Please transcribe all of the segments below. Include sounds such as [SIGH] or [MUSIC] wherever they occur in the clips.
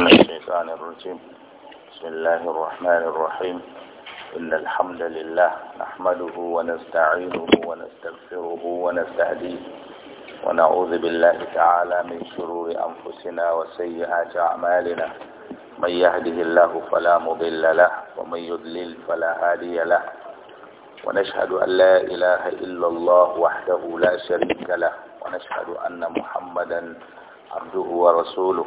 من الشيطان الرجيم بسم الله الرحمن الرحيم إن الحمد لله نحمده ونستعينه ونستغفره ونستهديه ونعوذ بالله تعالى من شرور أنفسنا وسيئات أعمالنا من يهده الله فلا مضل له ومن يضلل فلا هادي له ونشهد أن لا إله إلا الله وحده لا شريك له ونشهد أن محمدا عبده ورسوله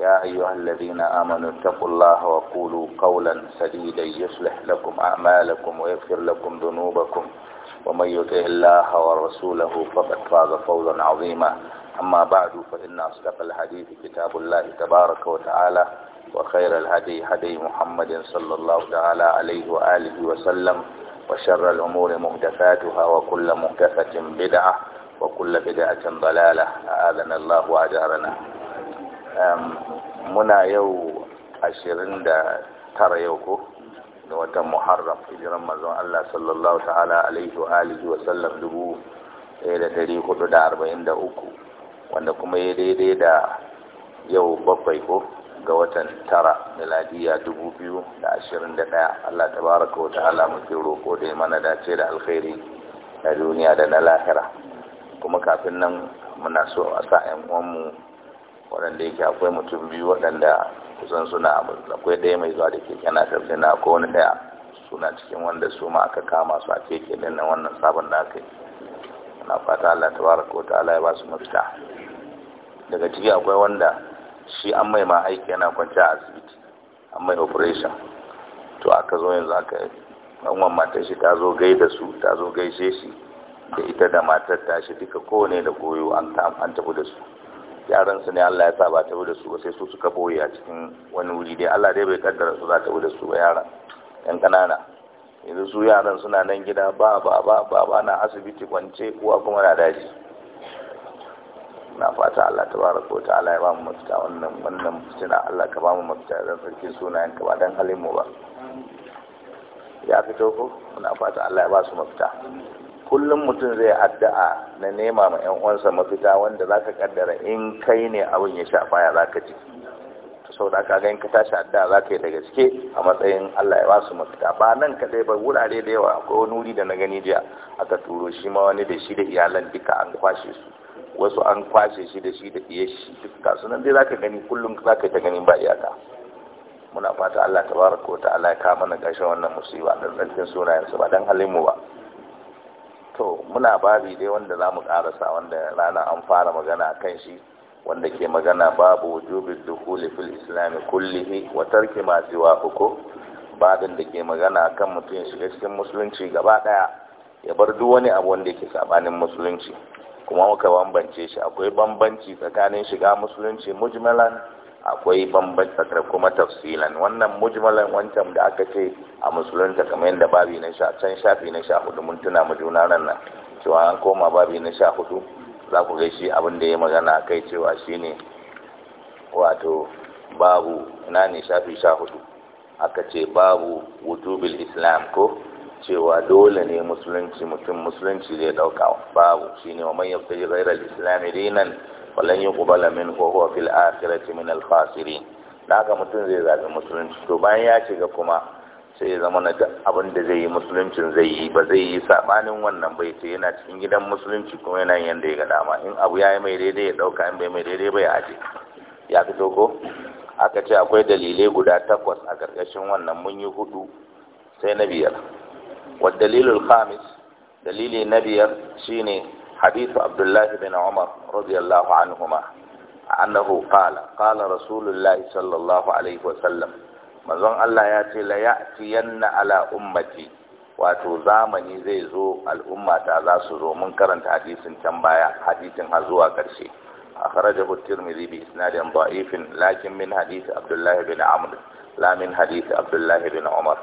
يا أيها الذين آمنوا اتقوا الله وقولوا قولا سديدا يصلح لكم أعمالكم ويغفر لكم ذنوبكم ومن يطع الله ورسوله فقد فاز فوزا عظيما أما بعد فإن أصدق الحديث كتاب الله تبارك وتعالى وخير الهدي هدي محمد صلى الله تعالى عليه وآله وسلم وشر الأمور مهدفاتها وكل مهدفة بدعة وكل بدعة ضلالة أعاذنا الله وأجارنا muna yau ashirin da tara yau ko da watan muharram hijiran mazan Allah sallallahu ta'ala alaihi wa alihi wa sallam dubu ɗaya da ɗari hudu da arba'in da uku wanda kuma ya daidai da yau bakwai ko ga watan tara miladiya dubu biyu da ashirin da ɗaya Allah tabaraka wa ta'ala mafi roƙo dai mana dace da alkhairi na duniya da na lahira kuma kafin nan muna so a sa 'yan uwanmu waɗanda yake akwai mutum biyu waɗanda kusan suna akwai ɗaya mai zuwa da keke na tafi na ko wani ɗaya suna cikin wanda su ma aka kama su a keke ɗin wannan sabon da aka yi na fata Allah ta bara ko ta'ala ya ba su mafita daga ciki akwai wanda shi an mai ma aiki yana kwanci a asibiti an mai operation to aka zo yanzu aka ɗanwan matar shi ta zo gai da su ta zo gaishe shi da ita da matar shi duka kowane da koyo an tafi da su yaran su ne Allah ya sa ba tafi da su ba sai su suka boye a cikin wani wuri dai Allah dai bai kaddara su za ta da su ba yaran yan kanana yanzu su yaran suna nan gida ba ba ba ba ba na asibiti kwance kowa kuma na daji na fata Allah tabaraka wa ta'ala ya ba mu mafita wannan wannan fitina Allah ka ba mu mafita dan sarkin sunayen ka ba dan halin mu ba ya fito ko muna fata Allah ya ba su mafita kullum mutum zai addu'a na nema ma 'yan uwansa mafita wanda za ka kaddara in kai ne abin ya shafa ya za ka Ta sau da kaga in ka tashi addu'a za ka yi daga cike a matsayin Allah ya basu mafita ba nan kadai ba wurare da yawa akwai wani wuri da na gani jiya aka turo shi ma wani da shi da iyalan duka an kwashe su wasu an kwashe shi da shi da iya shi duka sunan dai za ka gani kullum za ka ta ganin ba iyaka muna fata Allah ta wa ta'ala ya kama mana gashin wannan musiba da tsarkin sunayensa ba dan halin mu ba to muna babi dai wanda za mu karasa wanda rana an fara magana kan shi wanda ke magana babu wujubin dukuli fil islami kullihi wa tarki ma siwa uku babin da ke magana kan mutum shiga cikin musulunci gaba daya ya bar duk wani abu wanda yake sabanin musulunci kuma muka bambance shi akwai bambanci tsakanin shiga musulunci mujmalan akwai bambanci tsakar kuma tafsilan wannan mujmalan wancan da aka ce a musulunta kamar yadda babi na sha can shafi na sha hudu mun tuna mu ran nan cewa an koma babi na sha hudu za ku gaishe abin da ya magana kai cewa shine wato babu ina ne shafi sha hudu aka ce babu wutubil islam ko cewa dole ne musulunci mutum musulunci zai dauka babu shine wa man yabtaji ghayra al dinan walan yuqbala minhu ko huwa fil akhirati min al khasirin haka mutum zai zabi musulunci to bayan ya shiga kuma sai ya zama na abin da zai yi musuluncin zai yi ba zai yi sabanin wannan bai ce yana cikin gidan musulunci kuma yana yanda ya ga dama in abu ya yi mai daidai ya dauka in bai mai daidai bai aje ya fito ko aka ce akwai dalilai guda takwas a ƙarƙashin wannan mun yi hudu sai na biyar wa dalilul khamis dalili na biyar shine حديث عبد الله بن عمر رضي الله عنهما أنه قال قال رسول الله صلى الله عليه وسلم manzon Allah ya ce la yanna ala ummati wato zamani zai zo al'umma ta za su zo mun karanta hadisin can baya hadisin har zuwa karshe akhrajahu at-tirmidhi bi isnadin da'ifin lakin min hadith Abdullahi ibn Amr la min hadith Abdullahi ibn Umar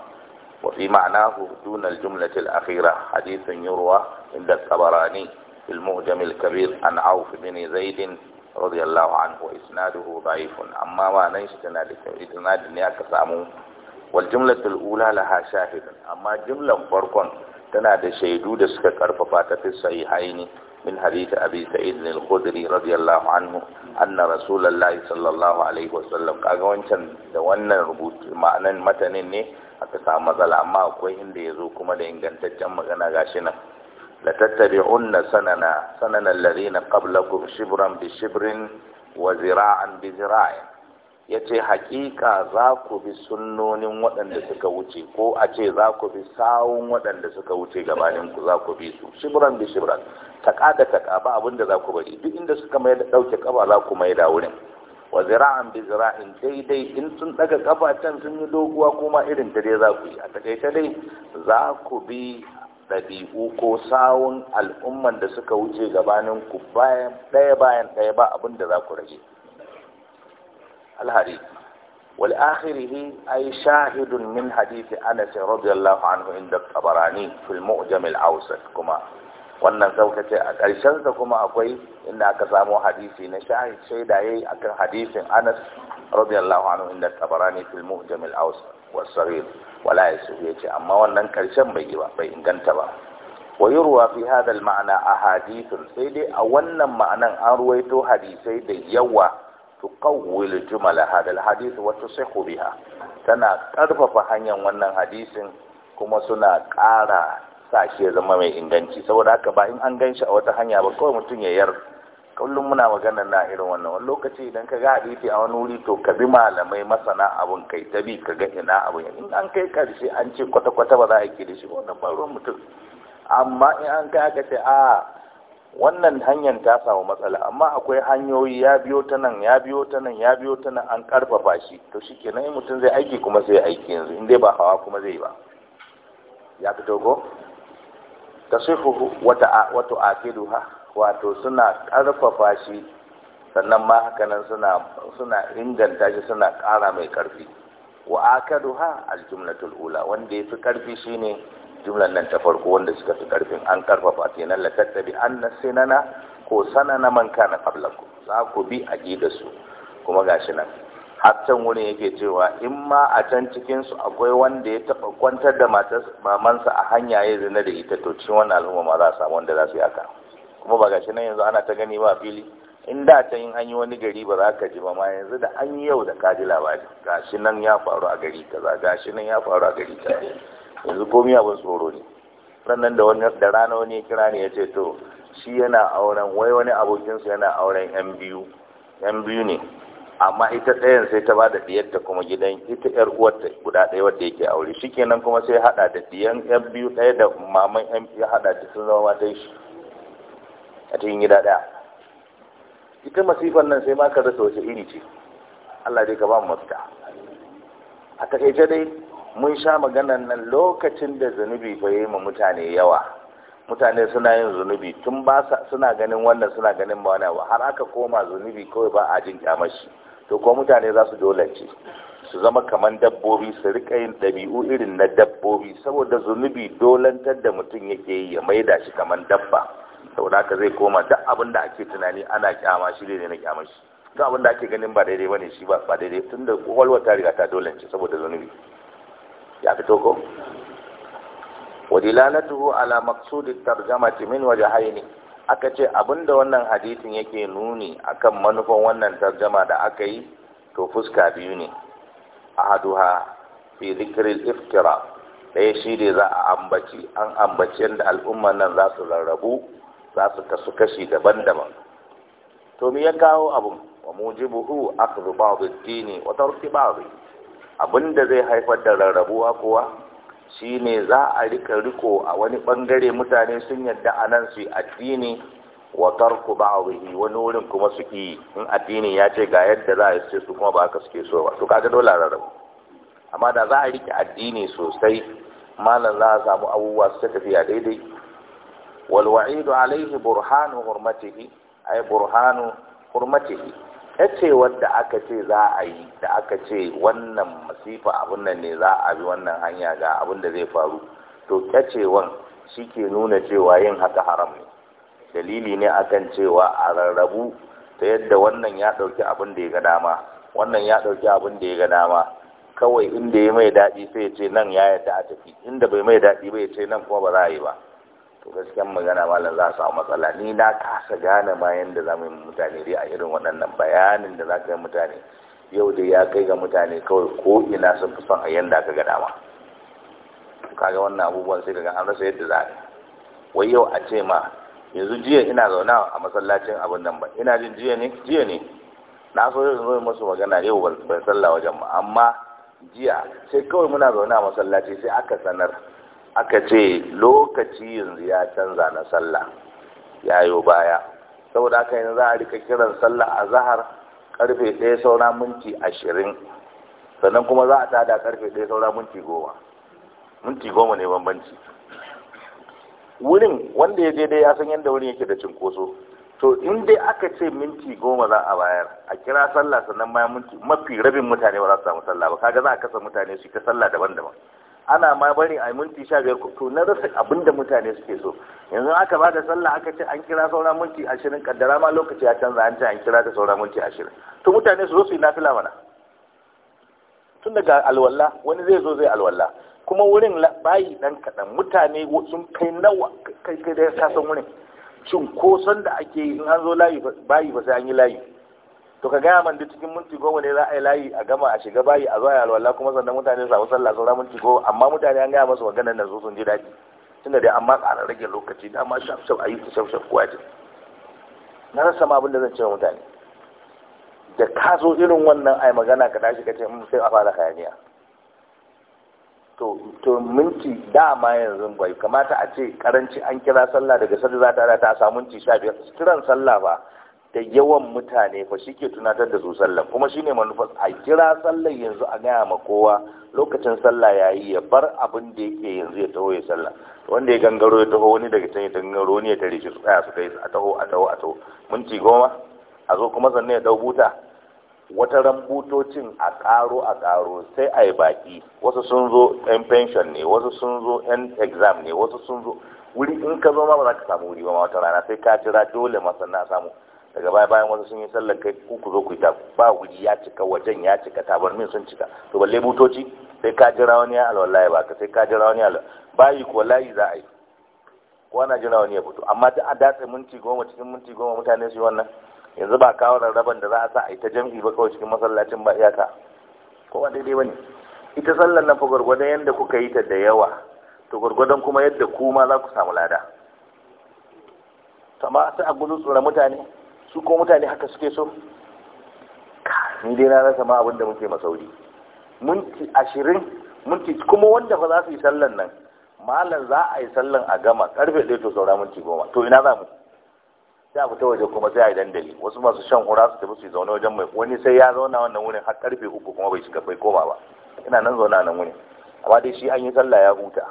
wa fi ma'nahu duna al-jumlati al-akhirah hadithun yurwa inda tabarani في المهجم الكبير عن عوف بن زيد رضي الله عنه وإسناده ضعيف أما وانا استناد استناد نياك سامو والجملة الأولى لها شاهد أما جملة فرقا tana da shaidu da suka karfafa ta fi sahihaini min hadith abi sa'id al-khudri radiyallahu anhu anna rasulullahi sallallahu alaihi wasallam kaga wancan da wannan rubutu ma'anan matanin ne aka samu matsala amma akwai inda zo kuma da ingantaccen magana shi nan لتتبعن سننا سنن الذين قبلكم شبرا بشبر وزراعا بزراع yace hakika za ku bi sunnonin waɗanda suka wuce ko a ce za ku bi sawun waɗanda suka wuce gabanin ku za ku bi su shibran bi shibran taƙa da taka ba abin za ku bari duk inda suka mai da ɗauke kafa za ku mai da wurin wa zira'an bi zira'in daidai in sun ɗaga ƙafa can sun yi doguwa kuma irin ta dai za ku yi a takaita dai za ku bi ɗabi'u ko sawun al'umman da suka wuce gabanin ku bayan ɗaya bayan ɗaya ba abin da za ku rage alhari wal akhirihi ay shahidun min hadithi Anas radiyallahu anhu inda Tabarani fil Mu'jam al-Awsat kuma wannan ce, a ƙarshen sa kuma akwai inda aka samu hadisi na shahid shaida yayi akan hadisin Anas radiyallahu anhu inda Tabarani fil Mu'jam al-Awsat wasaril wala yasu yace amma wannan karshen bai inganta ba wa yurwa fi hadha al-ma'na ahadithun sai dai a wannan ma'anan an ruwaito hadisai da yawa tuqawwil jumala hadha al-hadith wa tana ƙarfafa hanyar wannan hadisin kuma suna ƙara sa shi ya zama mai inganci saboda haka ba in an gan shi a wata hanya ba kawai mutum ya yar kullum muna magana na irin wannan wani lokaci idan ka ga hadisi a wani wuri to ka bi malamai masana abun kai ta bi ka ga ina abun in an kai karshe an ce kwata-kwata ba za a yi da shi wannan ba mutum amma in an kai aka ce a wannan hanyar ta samu matsala amma akwai hanyoyi ya biyo ta nan ya biyo ta nan ya biyo ta nan an karfafa shi to shi kenan in mutum zai aiki kuma sai aiki yanzu in dai ba hawa kuma zai ba ya fito ko tasifuhu wata wata ha? wato suna ƙarfafa shi sannan ma hakanan suna suna inganta shi suna ƙara mai ƙarfi wa akaduha aljumlatul ula wanda yafi ƙarfi shine jumlar nan ta farko wanda suka fi ƙarfin an ƙarfafa kenan la tattabi anna sinana ko sanana man kana qablakum za ku bi aqida su kuma gashi nan har can wurin yake cewa in ma a can cikin akwai wanda ya taɓa kwantar da mamansa a hanya ya zina da ita to cikin wannan al'umma ma za a samu wanda za su yi haka kuma ba gashi nan yanzu ana ta gani ba a fili in da ta yin an yi wani gari ba za ka ji ba ma yanzu da an yi yau da ka ji labari gashi nan ya faru a gari kaza gashi nan ya faru a gari kaza yanzu komai abin tsoro ne sannan da wani da rana wani kira ne ya ce to shi yana auren wai wani abokinsa yana auren yan biyu yan biyu ne amma ita ɗayan sai ta ba da ɗiyarta kuma gidan ita uwar uwarta guda ɗaya wadda yake aure shikenan kuma sai haɗa da ɗiyan yan biyu ɗaya da maman yan ya haɗa ta sun zama ta shi a cikin gida ɗaya ita masifan nan sai ma ka rasa wace iri ce Allah dai ka ba mu mafita a takaice dai mun sha maganan nan lokacin da zunubi fa yi ma mutane yawa mutane suna yin zunubi tun ba suna ganin wannan suna ganin ba wani har aka koma zunubi kawai ba a jin kyamashi to kuma mutane za su dolance su zama kamar dabbobi su rika yin ɗabi'u irin na dabbobi saboda zunubi dolantar da mutum yake yi ya maida shi kamar dabba saboda haka zai koma duk abin da ake tunani ana kyama shi ne na kyama shi duk abin da ake ganin ba daidai bane shi ba ba daidai tunda kwakwalwar ta riga ta ce saboda zunubi ya fito ko wadilalatuhu ala maqsudit tarjamati min wajhaini aka ce abinda wannan hadisin yake nuni akan manufan wannan tarjama da aka yi to fuska biyu ne ahaduha fi dhikril iftira ɗaya shi ne za a ambaci an ambaci yadda al'umman nan za su rarrabu za su kasu kashi daban-daban to me ya kawo abun wa mujibuhu akhdhu ba'd ad-dini wa tarki ba'd abinda zai haifar da rarrabuwa kuwa shine za a rika riko a wani bangare mutane sun yadda anan su addini wa tarku ba'dhi wani wurin kuma su yi. in addini ya ce ga yadda za a ce su kuma ba ka suke so ba to kaga dole rarrabu amma da za a rike addini sosai malam za a samu abubuwa su tafiya daidai wal wa'idu alaihi burhanu hurmatihi ay burhanu hurmatihi yace wanda aka ce za a yi da aka ce wannan masifa abun nan ne za a bi wannan hanya ga abun da zai faru to kyacewan shi ke nuna cewa yin haka haram ne dalili ne akan cewa a rarrabu ta yadda wannan ya ɗauki abin da ya ga dama wannan ya ɗauki abin da ya ga dama kawai inda ya mai daɗi sai ya ce nan ya yadda a tafi inda bai mai daɗi ba ya ce nan kuma ba za a yi ba to gaskiyar magana malam za a samu matsala ni na kasa gane ma da za mu yi mutane dai a irin waɗannan bayanin da za ka yi mutane yau da ya kai ga mutane kawai ko ina sun fi son a yadda aka ma. dama kaga wannan abubuwan sai kaga an rasa yadda za a yi wai yau a ce ma yanzu jiya ina zauna a masallacin abin nan ba ina jin jiya ne jiya ne na so yau zo masu magana yau ban sallah wajen ba amma jiya sai kawai muna zauna a masallaci sai aka sanar aka ce lokaci yanzu ya canza na sallah ya yi baya saboda aka yanzu za a rika kiran sallah a zahar karfe ɗaya saura minti ashirin sannan kuma za a tada karfe ɗaya saura minti goma minti goma ne bambanci wurin wanda ya je dai ya san yadda wurin yake da cinkoso to in dai aka ce minti goma za a bayar a kira sallah sannan bayan minti mafi rabin mutane ba za su samu sallah ba kaga za a kasa mutane su ta sallah daban-daban ana ma bari a minti sha biyar to na rasa abin da mutane suke so yanzu aka ba da sallah aka ce an kira sauran minti ashirin kaddara ma lokaci ya canza an ce an kira da sauran minti ashirin to mutane su zo su yi nafila mana tun daga alwala wani zai zo zai alwala kuma wurin bayi dan kaɗan mutane sun kai nawa kai kai da ya san wurin san da ake yi in an zo layi bayi ba sai an yi layi to ka gaya man duk cikin minti goma ne za a yi layi a gama a shiga bayi a zuwa alwala kuma sannan mutane samu sallah saura minti goma amma mutane an gaya masu maganar nan sun ji daɗi tunda dai amma ƙara rage lokaci dama shaf shaf a yi ta shaf shaf kowa na rasa ma abin da zan ce wa mutane da ka zo irin wannan ai magana ka tashi ka ce mun mm, sai a fara hayaniya to to minti dama yanzu bai kamata a ce karanci an kira sallah daga sadda za ta ta samu minti 15 kiran sallah ba da yawan mutane fa shi ke tunatar da su sallan kuma shine manufar a kira sallan yanzu a gaya ma kowa lokacin sallah yayi ya bar abin da yake yanzu ya taho ya sallah wanda ya gangaro ya taho wani daga can ya gangaro ne ya tare shi tsaya su kai a taho a taho a taho minti goma a zo kuma sannan ya dau buta wata rambutocin a karo a karo sai a yi baki wasu sun zo yan pension ne wasu sun zo yan exam ne wasu sun zo wuri in ka zo ma ba za ka samu wuri ba ma. wata rana sai ka jira dole masana samu daga baya bayan wasu sun yi sallar kai ku ku zo ku ta ba wuri ya cika wajen ya cika tabarmin sun cika to balle butoci sai ka jira wani ya alwallahi ba ka sai ka jira wani ya bayi ko layi za a yi ko ana jira wani ya fito amma da a datse minti goma cikin minti goma mutane su yi wannan yanzu ba kawo rarraban da za a sa a yi ta jam'i ba kawai cikin masallacin ba iyaka ko ba daidai ba ne ita sallar nan fa gwargwadon yadda kuka yi ta da yawa to gwargwadon kuma yadda kuma za ku samu lada amma sai a gudu tsura mutane su ko mutane haka suke so ni dai na rasa ma abin muke masauri minti ashirin minti kuma wanda fa za su yi sallan nan malam za a yi sallan a gama karfe ɗaya to saura minti goma to ina za mu sai a fita waje kuma sai a yi dandali wasu masu shan hura su tafi su zaune wajen mai wani sai ya zauna wannan wurin har karfe uku kuma bai shiga bai koma ba ina nan zauna nan wurin amma dai shi an yi sallah ya huta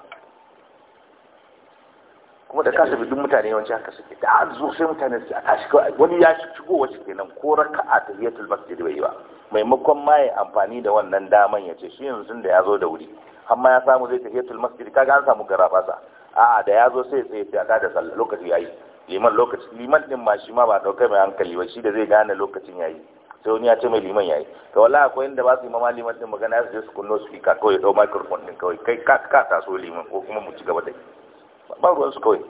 kuma da ka tafi duk mutane yawanci haka suke da har zuwa sai mutane su a tashi kawai wani ya shigo wace kenan ko a tahiyatul masjid bai yi ba maimakon ma ya amfani da wannan daman ya ce shi yanzu da ya zo da wuri amma ya samu zai tahiyatul masjid kaga an samu fasa a'a da ya zo sai tsaye sai aka da sallah lokaci yayi liman lokaci liman din ma shi ma ba daukai mai hankali ba shi da zai gane lokacin yayi sai wani ya ce mai liman yayi to wallahi akwai inda ba su yi mama liman din magana ya su je su kunno speaker kawai dau microphone din kawai kai ka ka taso liman ko kuma mu ci gaba da ba ruwansu kawai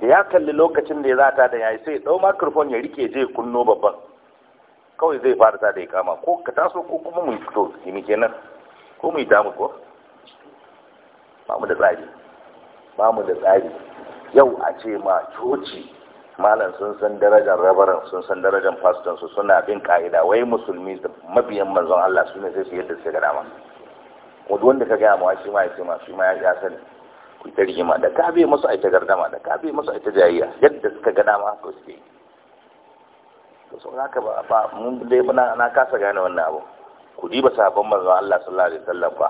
da ya kalli lokacin da ya za ta da yi, sai ɗau makarfon ya rike je kunno babban kawai zai fara ta da ya kama ko ka taso ko kuma mu fito yi kenan ko mu yi damu ko ba mu da tsari ba mu da tsari yau a ce ma coci malam sun san darajar rabaran sun san darajar faston su suna bin ka'ida wai musulmi da mabiyan manzon Allah su ne sai su yadda su ga dama wanda wanda ka gaya ma shi ma ya ce ma shi ma ya sani ku ta rigima da ka bai masu aita gardama da ka bai masu aita jayayya yadda suka ga dama to suke to sau haka ba ba mun dai muna na kasa gane wannan abu ku diba sabon manzon Allah sallallahu alaihi wasallam ba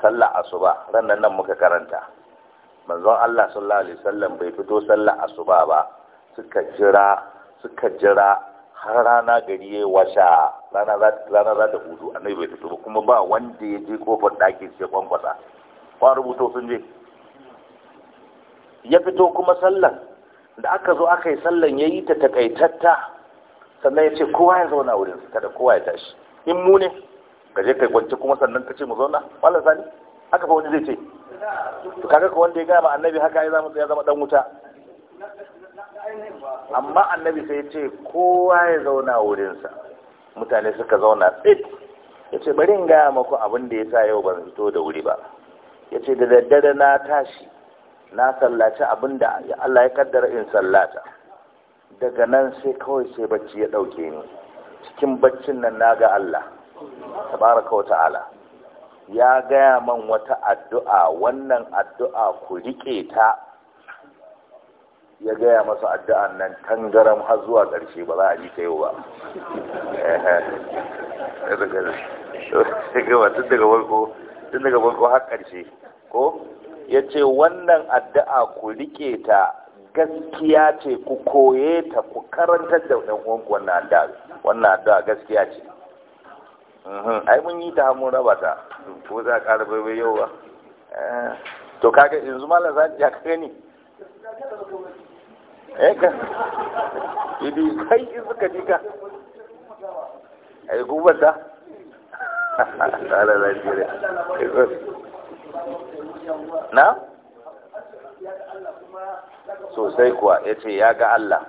sallah asuba ran nan nan muka karanta manzon Allah sallallahu alaihi wasallam bai fito sallah asuba ba suka jira suka jira har rana gari ya washa rana za ta hudu annabi bai fito kuma ba wanda ya je kofar ɗakin sai kwankwasa kwa rubuto sun je ya fito kuma sallan da aka zo aka yi sallan ya yi ta takaitatta sannan ya ce kowa ya zauna wurin kada kowa ya tashi in mu ne ka je kai kwanci kuma sannan ka ce mu zauna wallan sani aka fa wani zai ce to kaga ko wanda ya gaya ma annabi haka ya zama ya zama dan wuta amma annabi sai ya ce kowa ya zauna wurinsa mutane suka zauna tsit ya ce bari in gaya maku abin da ya sa yau ban fito da wuri ba ya ce da daddare na tashi na sallaci abin da Allah ya kaddara in sallata daga nan sai kawai sai bacci ya ɗauke ni cikin baccin nan na ga Allah tabaraka wa ta'ala ya gaya man wata addu'a wannan addu'a ku riƙe ta ya gaya masa addu'an nan tangaram har zuwa ƙarshe ba za a ji ta yau ba tun daga farko har ƙarshe ko ya ce wannan addu'a ku rike ta gaskiya ce ku koye ta ku karantar da wannan addu'a gaskiya ce mhm, ai mun yi ta hamun raba ta ko za ka ƙara bai yau ba eh, to kaga yanzu za ya kaga gani eka eh idi kai in suka ji ai gubar ha Allah lafiya na sosai kuwa ya ce ya ga Allah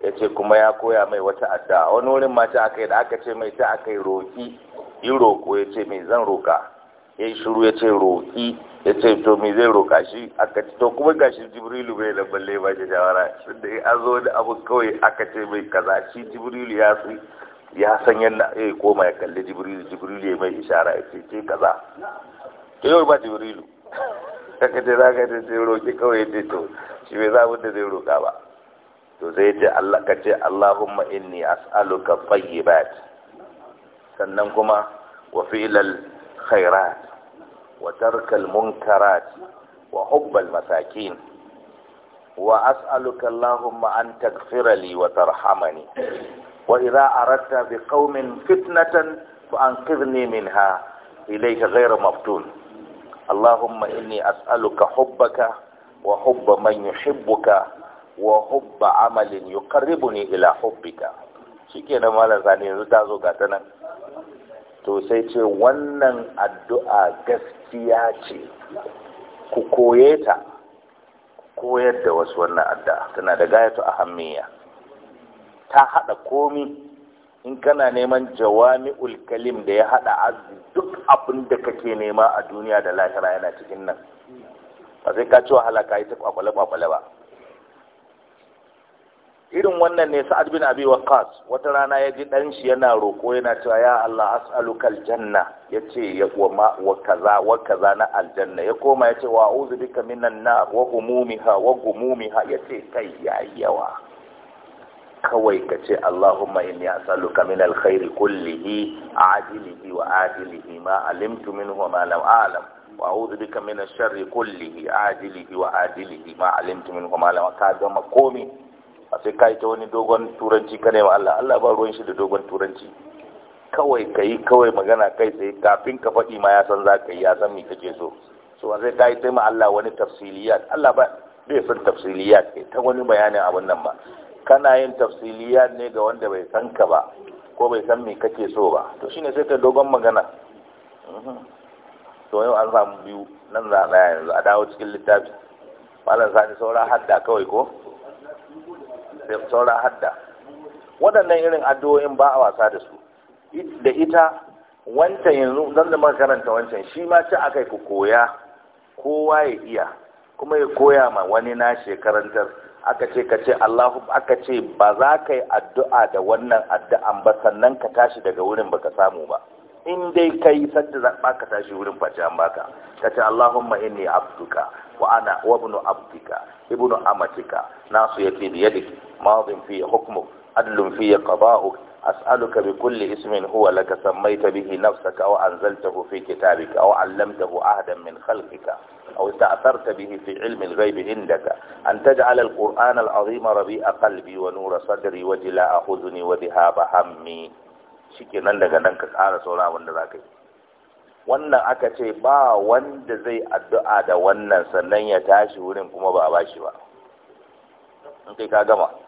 ya ce kuma ya koya mai wata adda wani wurin mata aka yi da aka ce mai ta aka yi roƙi yi roƙo ya ce mai zan roƙa ya yi shuru ya ce roƙi ya ce to mai zai roƙa shi aka ce to kuma ga shi jibrilu bai da balle ba shi shi da ya zo da abu kawai aka ce mai kaza shi jibrilu ya su ya san yana ya koma ya kalli jibrilu jibrilu ya mai ishara ya ce ce kaza to yau ba jibrilu kaga dai za ka ce sai roƙi kawai ce to shi bai za da zai roƙa ba to zai ce Allah ka ce Allahumma inni as'aluka tayyibat sannan kuma wa fi'lal khairat wa tarkal munkarat wa hubbal masakin wa as'aluka Allahumma an taghfira li wa tarhamani wa idza aradta bi qaumin fitnatan fa anqidhni minha ilayka ghayra maftun اللهم إني أسألك حبك وحب من يحبك وحب عمل يقربني إلى حبك shikenan malam sani yanzu ta zo ga nan to sai ce wannan addu'a gaskiya ce ku koye ta koyar da wasu wannan addu'a tana da gayatu ahammiya ta haɗa komi in kana neman jawami'ul kalim da ya hada duk abin da kake nema a duniya da lahira yana cikin nan ba sai ka cewa halaka ta kwakwale kwakwale ba irin wannan ne sa'ad bin abi waqas wata rana ya ji dan shi yana roko yana cewa ya Allah as'aluka aljanna yace ya wa wa kaza wa kaza na aljanna ya koma yace wa a'udhu bika minan nar wa wa gumumiha yace kai yayi yawa kawai ka ce Allahumma inni as'aluka min alkhairi kullihi ajilihi wa ajilihi ma alimtu minhu ma lam a'lam wa a'udhu bika min ash-sharri kullihi ajilihi wa ajilihi ma alimtu minhu ma lam ka gama makomi a sai kai ta wani dogon turanci kane wa Allah Allah ba ruwan shi da dogon turanci kawai kai kawai magana kai sai kafin ka faɗi ma ya san za ka yi ya san me kake so so sai kai ta ma Allah wani tafsiliyat Allah ba bai san tafsiliyat ta wani bayanin abun nan ba kana yin tafsiliya ne ga wanda bai san ka ba ko bai san me kake so ba to shine sai ka dogon magana mhm. to yau an samu biyu nan za a yanzu a dawo cikin littafi malam sani saura hadda kawai ko saura hadda waɗannan irin addu'o'in ba a wasa da su da ita wancan yanzu zan da karanta wancan shi ma ci aka ku koya kowa ya iya kuma ya koya ma wani na shekarantar aka ce ka ce Allahu aka ce ba za ka yi addu'a da wannan addu'an ba sannan ka tashi daga wurin baka samu ba in dai yi sadda zaɓa ka tashi wurin ba an baka ka ce Allahumma inni abduka wa ana wa ibnu abdika ibnu amatika nasu yake biyadika madin fi hukmuk adlun fi qada'uk ka bi kulle ismin huwa laka sammaita bihi nafsaka aw anzaltahu fi kitabika aw 'allamtahu ahadan min khalqika aw ta'tharta bihi fi 'ilmi al-ghaybi an taj'ala al-qur'ana al-'azima rabi'a qalbi wa nura sadri wa jila'a khuzni wa dhahaba hammi shikenan daga nan ka tsara sauraron wanda zaka yi wannan aka ce ba wanda zai addu'a da wannan sannan ya tashi wurin kuma ba a bashi ba in ka gama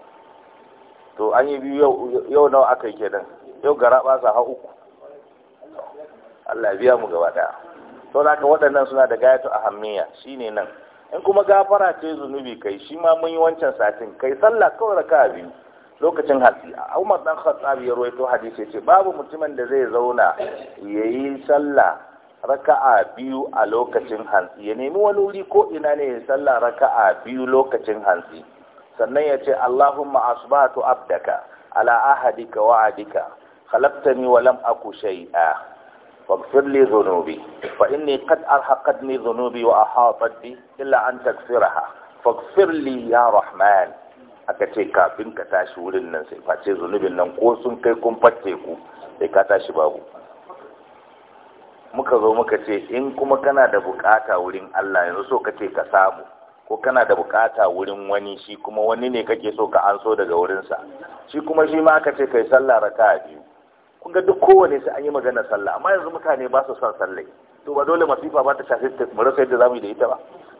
to an yi biyu yau nawa aka yi kenan yau gara ba sa uku Allah biya mu gaba daya to da waɗannan suna da gayatu ahammiya shine nan in kuma gafara ce zunubi kai shi ma mun yi wancan satin kai sallah kawai raka biyu lokacin hatsi Umar dan Khattab ya rawaito hadisi ce babu mutumin da zai zauna yayi sallah raka'a biyu a lokacin hantsi ya nemi wani wuri ko ina ne ya sallah raka'a biyu lokacin hantsi sannan ya ce Allahumma asbahtu abdaka ala ahadika wa'adika khalaqtani wa lam aku shay'a واغفر لي ذنوبي فإني قد أرهقتني ذنوبي وأحاطت بي إلا an تغفرها فاغفر لي ya رحمن aka ce kafin ka tashi wurin nan sai face zunubin nan ko sun kai kun fatte ku sai ka tashi babu muka zo muka ce in kuma kana da bukata wurin Allah yanzu so kace ka samu ko kana da bukata wurin wani shi kuma wani ne kake so ka anso daga wurinsa shi kuma shi ma aka ce kai sallah raka biyu kun ga duk kowane sai an yi magana sallah amma yanzu mutane ba su son sallah to ba dole masifa ba ta shafi mu rasa yadda zamu yi da ita ba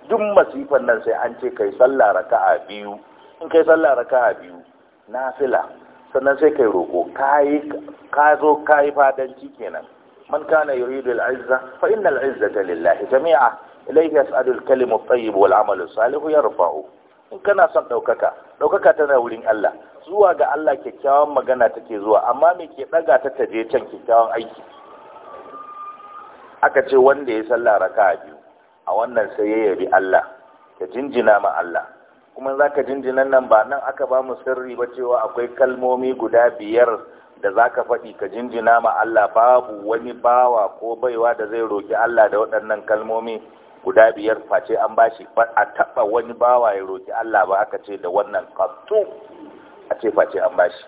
duk masifan nan sai an ce kai sallah raka biyu in kai sallah raka biyu nafila sannan sai kai roko kai ka zo kai fadanci kenan man kana yuridu al-izza fa innal izzata lillahi jami'a ilaihi yas'adu al-kalimu at-tayyib wal 'amalu salih yarfa'u in kana son daukaka daukaka tana wurin Allah zuwa ga Allah kyakkyawan magana take zuwa amma me ke daga ta taje can kyakkyawan aiki aka ce wanda ya salla raka'a biyu a wannan sai ya yabi Allah Ka jinjina ma Allah kuma zaka jinjina nan ba nan aka ba mu sirri ba cewa akwai kalmomi guda biyar da zaka faɗi ka jinjina ma Allah babu wani bawa ko baiwa da zai roki Allah da waɗannan kalmomi guda biyar face an bashi a taba wani bawa ya roki Allah ba aka ce da wannan qattu a ce face an bashi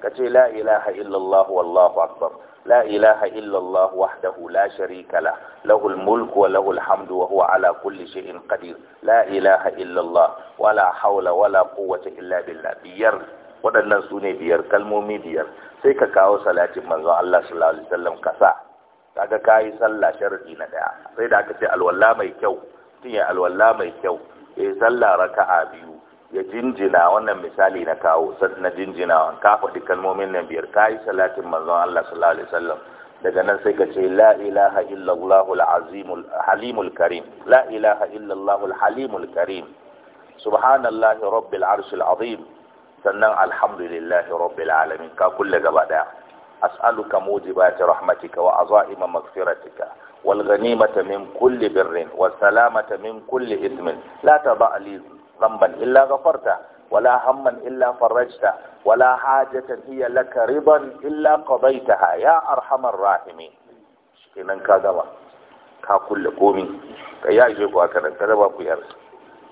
ka ce la ilaha illallah wallahu akbar la ilaha illallah wahdahu la sharika la lahul mulku wa lahul hamdu wa huwa ala kulli shay'in qadir la ilaha illallah wala hawla wala quwwata illa billah biyar waɗannan sune biyar kalmomi biyar sai ka kawo salatin manzo Allah sallallahu alaihi wasallam ka sa kaga kayi sallah sharadi na daya sai da aka ce alwala mai kyau tun ya alwala mai kyau ya yi sallah raka'a biyu ya jinjina wannan misali na kawo na jinjina ka faɗi kalmomin nan biyar kayi salatin manzon Allah sallallahu alaihi wasallam daga nan sai ka ce la ilaha Allahu al-azim halimul karim la ilaha Allahu al-halimul karim subhanallahi rabbil arshil azim sannan alhamdulillahi rabbil alamin ka kulle gaba daya as'aluka mujibati rahmatika wa azaima maghfiratika wal ghanimata min kulli birrin was salamata min kulli ithmin la tad' li dhanban illa ghafarta ولا هم إلا فرجت ولا حاجة هي لك رضا إلا قضيتها يا أرحم الراحمين شكرا كذا كا كل قومي كي يجب أكنا كذا وفيرس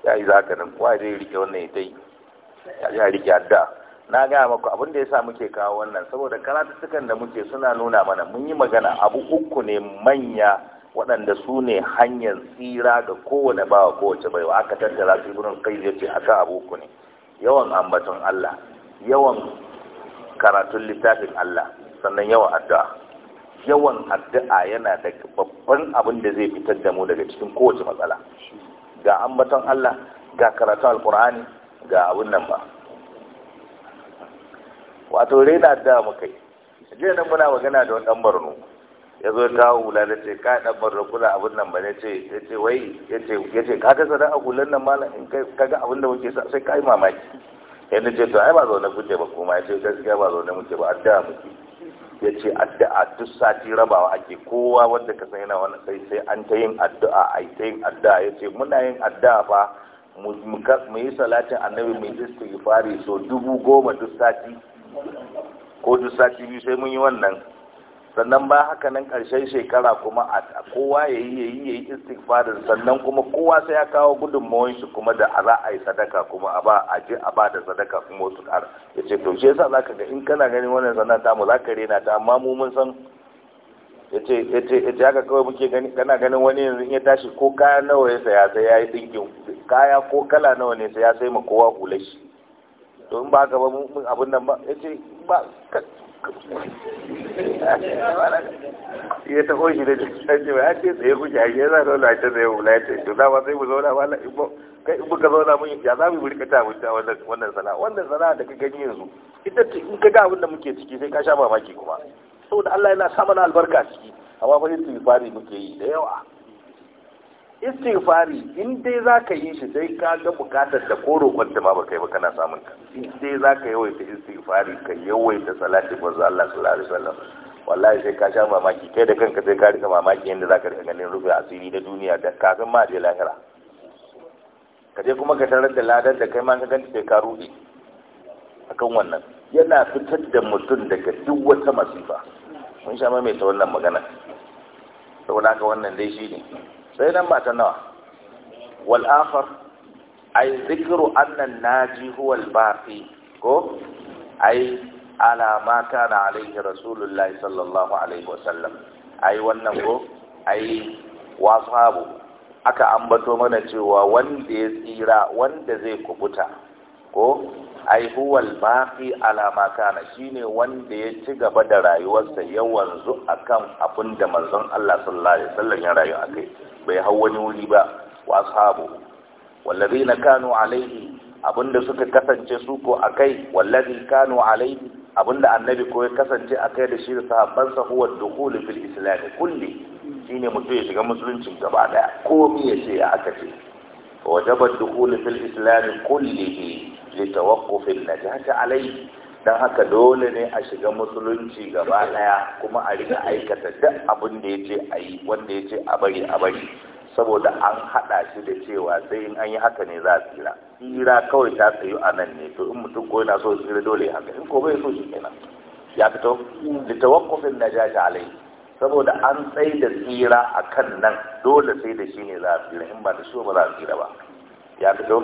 يا إذا أكنا كواهي ريكي ونيتي يا ريكي أدى na gaya maku abin da yasa muke kawo wannan saboda karatuttukan da muke suna nuna mana mun yi magana abu uku ne manya waɗanda su ne hanyar tsira ga kowane bawa kowace baiwa aka tattara su gurin kai zai ce haka abu uku ne yawan ambaton Allah yawan karatun littafin Allah sannan yawan addu'a yawan addu'a yana da babban abin da zai fitar da mu daga cikin kowace matsala ga ambaton Allah ga karatun alkur'ani ga abin nan ba wato raina da muka yi jiya nan muna magana da wani barno ya zo kawo hula da ce ka ɗan barno kula abin nan ba ne ce ya ce wai ya ce ya ce ka kasa da hulan nan malam in ka ga abin da muke sa sai ka yi mamaki ya ce to ai ba zaune kuje ba kuma ya ce gaskiya ba zaune muke ba addu'a muke ya ce addu'a duk sati rabawa ake kowa wanda ka san yana wani sai sai an ta yin addu'a ai ta yin addu'a ya ce muna yin addu'a fa mu yi salatin annabi mu yi istighfari so dubu goma duk sati ko duk sati biyu sai mun yi wannan sannan ba haka nan ƙarshen shekara kuma a kowa ya yi yayi yayi istighfarin sannan kuma kowa sai ya kawo gudunmawar shi kuma da a za a yi sadaka kuma a ba a je a ba da sadaka kuma wasu ƙara ya ce to shi yasa ka ga in kana ganin wannan sannan ta mu ka rena ta amma mu mun san ya ce ya ce ya ce haka kawai muke gani kana ganin wani yanzu in ya tashi ko kaya nawa ya saya sai ya yi ɗinkin kaya ko kala nawa ne sai ya sai ma kowa hular shi to in ba ka ba mun abin nan ba ya ce ba ya taho shi da jikin ya ce tsaye kuke hake ya zaune na ta tsaye wula ya ce to dama sai mu zauna wala ibo kai in muka zauna mun ya za mu burka ta wuta wannan sana'a wannan sana'a da ka gani yanzu ita ce in ka ga abin da muke ciki sai ka sha mamaki kuma saboda Allah yana sa mana albarka ciki amma fa yin tilfari muke yi da yawa istighfari in dai za ka yi shi sai ka ga bukatar da ko roƙon da ma ba kai ba kana samun ta in dai za ka yawaita istighfari ka yawaita salati manzo Allah sallallahu alaihi wasallam wallahi sai ka sha mamaki kai da kanka sai ka rika mamaki yadda za ka rika ganin rufe asiri na duniya da kafin ma je lahira ka je kuma ka tarar da ladar da kai ma ka ganta sai ka ruɗe akan wannan yana fitar da mutum daga duk wata masifa mun sha mai ta wannan magana saboda haka wannan dai shi ne sai nan ba ta nawa wal akhar ay zikru anna naji huwa al-baqi ko ay ala ma kana alaihi rasulullahi sallallahu alaihi wasallam ai wannan ko ai wasabu aka ambato mana cewa wanda ya tsira wanda zai kubuta ko ai huwal baqi ala ma kana shine wanda ya ci gaba da rayuwarsa ya wanzu akan abin da manzon Allah sallallahu alaihi wasallam ya rayu akai bai hau wani wuri ba wa ashabu wallazina kanu alaihi abinda suka kasance su ko akai wallazi kanu alaihi abinda annabi ko ya kasance akai da shi da sahabbansa huwa dukhul fil islam kulli shine mutum ya shiga musulunci gaba daya ko ya ce ya aka ce wajabat dukhul fil islam kullihi litawaqqufin najata alai dan haka dole ne a shiga musulunci gaba daya kuma a riga aikata duk abin da yace ayi wanda yace a bari a bari saboda an hada shi da cewa sai in an yi haka ne za a tsira tsira kawai ta tsayu a nan ne to in mutum ko yana so tsira dole haka in ko bai so shi kenan ya fito litawaqqufin najata alai saboda an tsai da tsira a kan nan dole sai da shi ne za a tsira in ba da shi ba za a tsira ba ya fito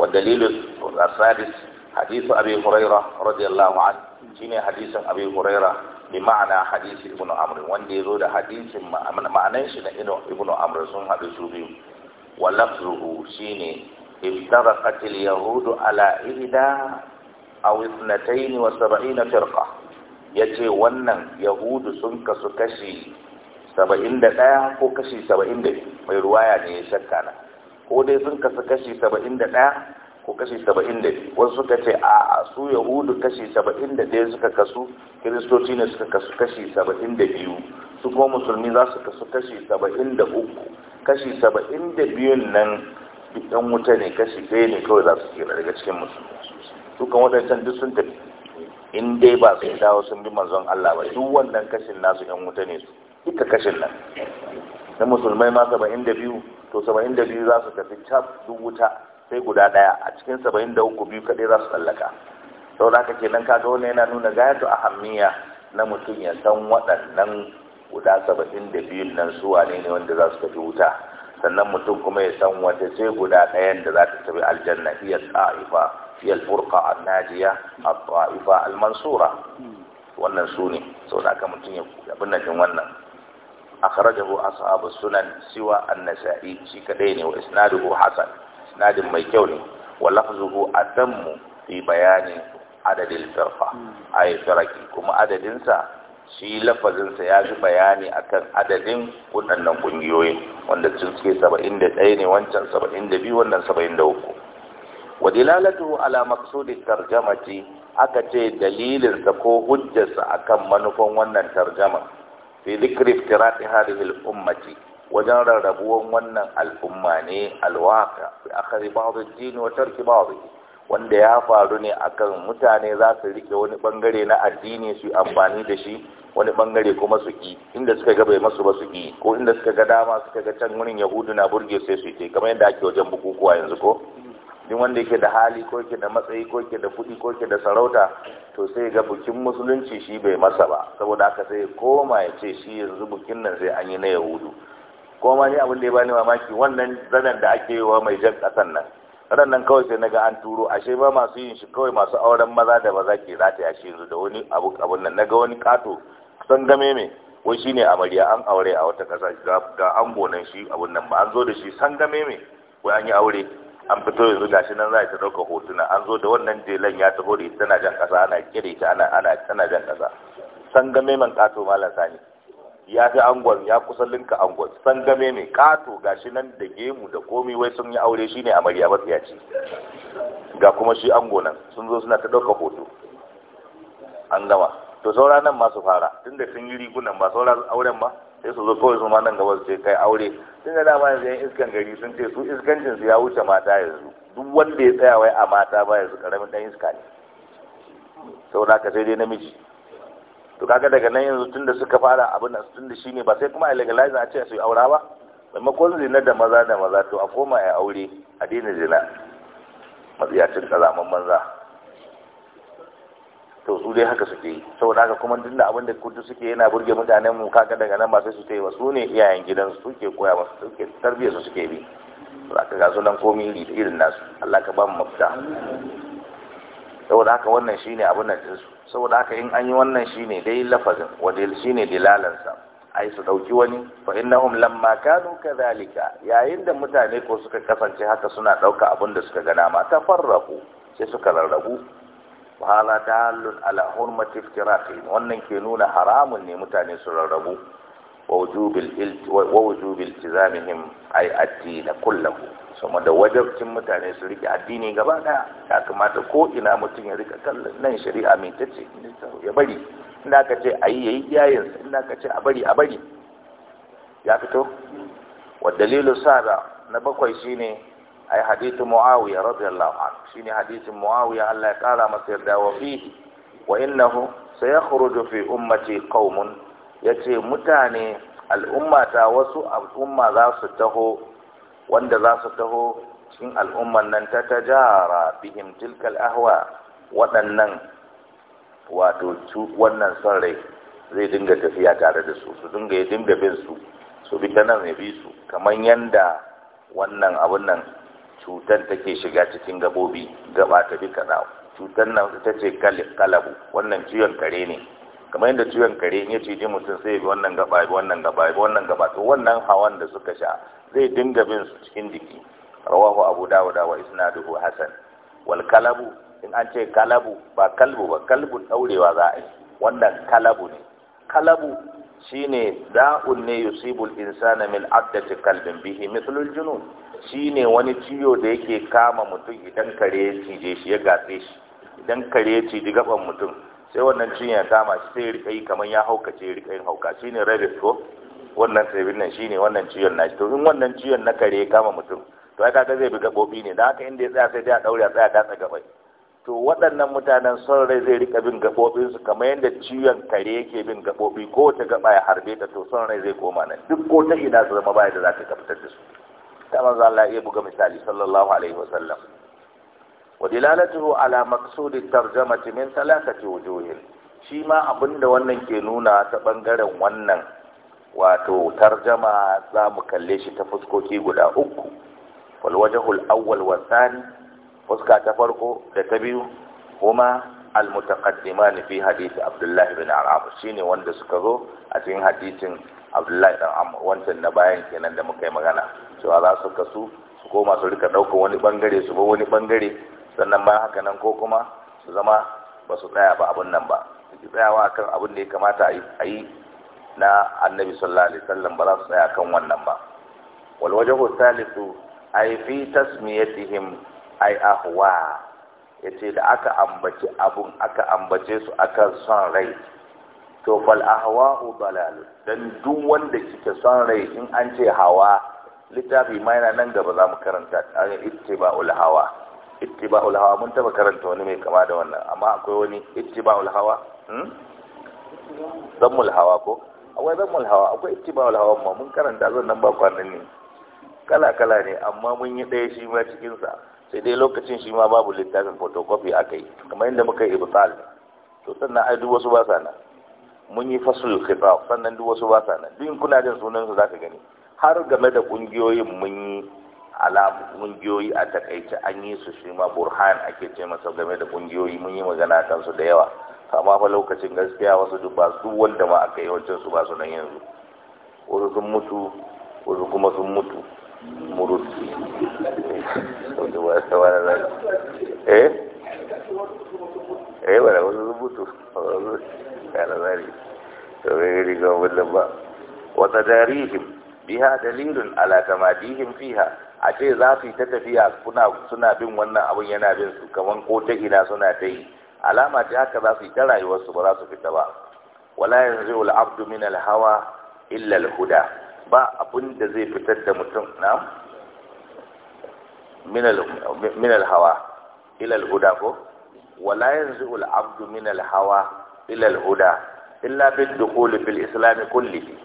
والدليل الثالث حديث أبي هريرة رضي الله عنه شيني حديث أبي هريرة بمعنى حديث ابن عمرو وان يزود حديث معنى شنو ابن عمرو سن حديث ولفظه شيني افترقت اليهود على إحدى أو اثنتين وسبعين فرقة يجي ونن يهود سنك سكشي سبعين دقاء وكشي سبعين دقاء ويروايا نيشكنا ko dai sun kasu kashi saba'in da ɗaya ko kashi saba'in da biyu wasu suka ce a su yahudu kashi saba'in da ɗaya suka kasu kiristoci ne suka kasu kashi saba'in da biyu su kuma musulmi za su kasu kashi saba'in da uku kashi saba'in da biyun nan ɗan wuta ne kashi ɗaya ne kawai za su kira daga cikin musulmi dukan waɗancan duk sun tafi in dai ba su dawo sun bi manzon Allah ba duk wannan kashin nasu ɗan wuta ne su duka kashin nan na musulmai ma saba'in da biyu to 72 da biyu za su tafi cap duk wuta sai guda ɗaya a cikin 73 da uku biyu kaɗai za su tsallaka saboda haka kenan kaga wani yana nuna gayatu ahammiya na mutum ya san waɗannan guda saba'in da biyun nan su wane ne wanda za su tafi wuta sannan mutum kuma ya san wata sai guda ɗayan da za ta tafi aljanna iya ta'ifa iya alfurqa annajiya at-ta'ifa al hmm. wannan su ne saboda aka mutum ya abin nan wannan akhrajahu ashabu sunan siwa an-nasa'i shi kadai ne wa isnaduhu hasan isnadin mai kyau ne wa lafzuhu atammu fi bayani adadil firqa ay firqi kuma adadin sa shi lafazin sa ya ji bayani akan adadin waɗannan kungiyoyi wanda sun ce 71 ne wancan 72 wannan 73 wadilalatu ala maksudi tarjamati aka ce dalilinsa ko hujjarsa akan manufan wannan tarjama fi zikri iftirati hadhihi al-ummati wajen rarrabuwan wannan al'umma ne alwaka bi akhari ba'd ad-din wa tarki ba'd wanda ya faru ne akan mutane za su rike wani bangare na addini su amfani da shi wani bangare kuma su ki inda suka ga bai masu ba su ki ko inda suka ga dama suka ga can wurin yahudu na burge sai su yi kamar yadda ake wajen bukukuwa yanzu ko duk wanda yake da hali ko yake da matsayi ko yake da kuɗi ko yake da sarauta to sai ga bukin musulunci shi bai masa ba saboda haka sai koma ya ce shi yanzu bukin nan sai an yi na yahudu koma ni abin da ya bani mamaki wannan zanen da ake yi wa mai jan ƙasan nan ran nan kawai sai naga an turo ashe ba masu yin shi kawai masu auren maza da maza ke ta ya yanzu da wani abu abun nan naga wani kato san game me wai shine amarya an aure a wata ƙasa ga ango nan shi abun nan ba an zo da shi san game me wai an yi aure an fito yanzu gashi nan za ta ɗauka hotuna an zo da wannan jelan ya taho da tana jan ƙasa ana kire ta ana ana tana jan ƙasa san game man ƙato malam sani ya fi angon ya kusa linka angon san game mai ƙato gashi nan da gemu da komi wai sun yi aure shine amarya ya ce ga kuma shi ango nan sun zo suna ta ɗauka hoto an gama to saura nan ma su fara tunda sun yi rigunan ba saura auren ba sai su zo kawai su ma nan gaba su ce kai aure tun da dama yanzu yan iskan gari sun ce su iskancin su ya wuce mata yanzu duk wanda ya tsaya wai a mata ba yanzu karamin dan iska ne saboda haka sai dai namiji to kaga daga nan yanzu tun da suka fara abin nan tun da shine ba sai kuma a legalize a ce su yi aura ba maimakon zina da maza da maza to a koma a aure a daina zina matsiyacin kalaman manza to su dai haka suke yi saboda haka kuma duk abin da kudu suke yana burge mutanen mu kaga daga nan ba sai su tayi ba su ne iyayen gidan su suke koya musu suke tarbiyyar su suke bi zaka ka gasu nan komai iri da irin nasu Allah ka ba mu mafita saboda haka wannan shine abin da su saboda haka in an yi wannan shine dai lafazin wa dai shine dilalan sa ai su dauki wani fa innahum lamma kanu kadhalika yayin da mutane ko suka kasance haka suna dauka abin da suka gana ma tafarraqu sai suka rarrabu wa hala dalun ala hurmati iftiraqi wannan ke nuna haramun ne mutane su rarrabu wa wujubil wa wujubil tizamihim ay addin kullahu sama da wajabcin mutane su rike addini gaba daya ya kamata ko ina mutum ya rika kallon nan shari'a mai tace ya bari inda aka ce ayi yayi yayin inda aka ce a bari a bari ya fito wa dalilu sada na bakwai shine ai hadithu muawiya radiyallahu anhu shine hadisin muawiya Allah ya kara masa yarda wa fihi wa innahu sayakhruju fi ummati qaumun yace mutane al'ummata wasu al'umma za su taho wanda za su taho cikin al'umman nan ta tajara bihim tilkal ahwa waɗannan wato wannan son rai zai dinga tafiya tare da su su dinga ya dinga bin su su bi ta nan ya bi su kamar yanda wannan abun nan cutar ke shiga cikin gabobi gaba ta bi kaza cutar nan ita ce kalabu wannan ciwon kare ne kamar yadda ciwon kare ya ciji mutum sai bi wannan gaba bi wannan gaba bi wannan gaba to wannan hawan da suka sha zai dinga bin su cikin jiki rawahu abu dawud wa isnaduhu hasan wal kalabu in an ce kalabu ba kalbu ba kalbun daurewa za a yi wannan kalabu ne kalabu shine da'un ne yusibul insana min addati qalbin bihi mithlul junun shine wani ciyo da yake kama mutum idan kare ya cije shi ya gatse shi idan kare ya cije gaban mutum sai wannan ciyon ya kama shi sai rika yi kamar ya hauka ce rika yin hauka shine rabis ko wannan sabin nan shine wannan ciyon na shi. to in wannan ciyon na kare ya kama mutum to ai kaga zai bi gabobi ne Da haka inda ya tsaya sai dai a daure a tsaya datsa gabai to waɗannan mutanen son rai zai rika bin gaɓoɓinsu kamar yadda ciwon kare yake bin gaɓoɓi ko ta gaba ya harbe ta to son rai zai koma nan duk ko ta ina su zama baya da za ta tabbatar da su ta manzo Allah ya buga misali sallallahu alaihi wa sallam wa dilalatuhu ala maqsudi tarjamati min thalathati wujuhin shi ma abinda wannan ke nuna ta bangaren wannan wato tarjama za mu kalle shi ta fuskoki guda uku wal wajhul awwal wa thani fuska ta farko da ta biyu kuma al ne fi Abdullahi bin ibn shi shine wanda suka zo a cikin hadisin abdullahi bin Amr wancan na bayan kenan da muka yi magana cewa za su kasu su koma su rika ɗaukar wani ɓangare su ba wani ɓangare sannan bayan haka nan ko kuma su zama ba su tsaya ba abun nan ba su tsayawa kan abin da ya kamata a yi na annabi sallallahu alaihi wasallam ba za su tsaya kan wannan ba wal wajhu thalithu ay fi tasmiyatihim ai ahwa yace da aka ambaci abun aka ambace su akan son rai to fal ahwa dalal dan duk wanda kike son rai in an ce hawa littafi ma yana nan gaba za mu karanta an ittiba'ul hawa ittiba'ul hawa mun taba karanta wani mai kama da wannan amma akwai wani ittiba'ul hawa hmm? zammul hawa ko akwai zammul hawa akwai ittiba'ul hawa ma mun karanta zan nan ba kwanan ne kala kala ne amma mun yi ɗaya shi ma cikin sa sai dai lokacin shi ma babu littafin photocopy aka yi kamar yadda muka yi ibtal to sannan ai duk wasu ba sa nan mun yi fasul khitab sannan duk wasu ba sa nan duk kuna jin sunan su zaka gani har game da kungiyoyin mun yi alamu kungiyoyi a takaice an yi su shi ma burhan ake ce masa game da kungiyoyi mun yi magana kan su da yawa amma fa lokacin gaskiya wasu duk ba su wanda ma aka yi wancan su ba su nan yanzu wasu sun mutu wasu kuma sun mutu murutu. eh eh wala wasu rubutu wasu kana zari to bai riga wannan ba wa tadarihim biha dalilun ala tamadihim fiha a ce za su yi ta tafiya suna bin wannan abun yana bin su kamar ko ta ina suna ta yi alama ce haka za su yi ta rayuwarsu ba za su fita ba wala yanzu al abdu min al hawa illa al huda ba abin da zai fitar da mutum na min al-hawa ila al-huda ko wala yanzu al-abdu min al-hawa ila al-huda illa bid dukhul fil islam kullihi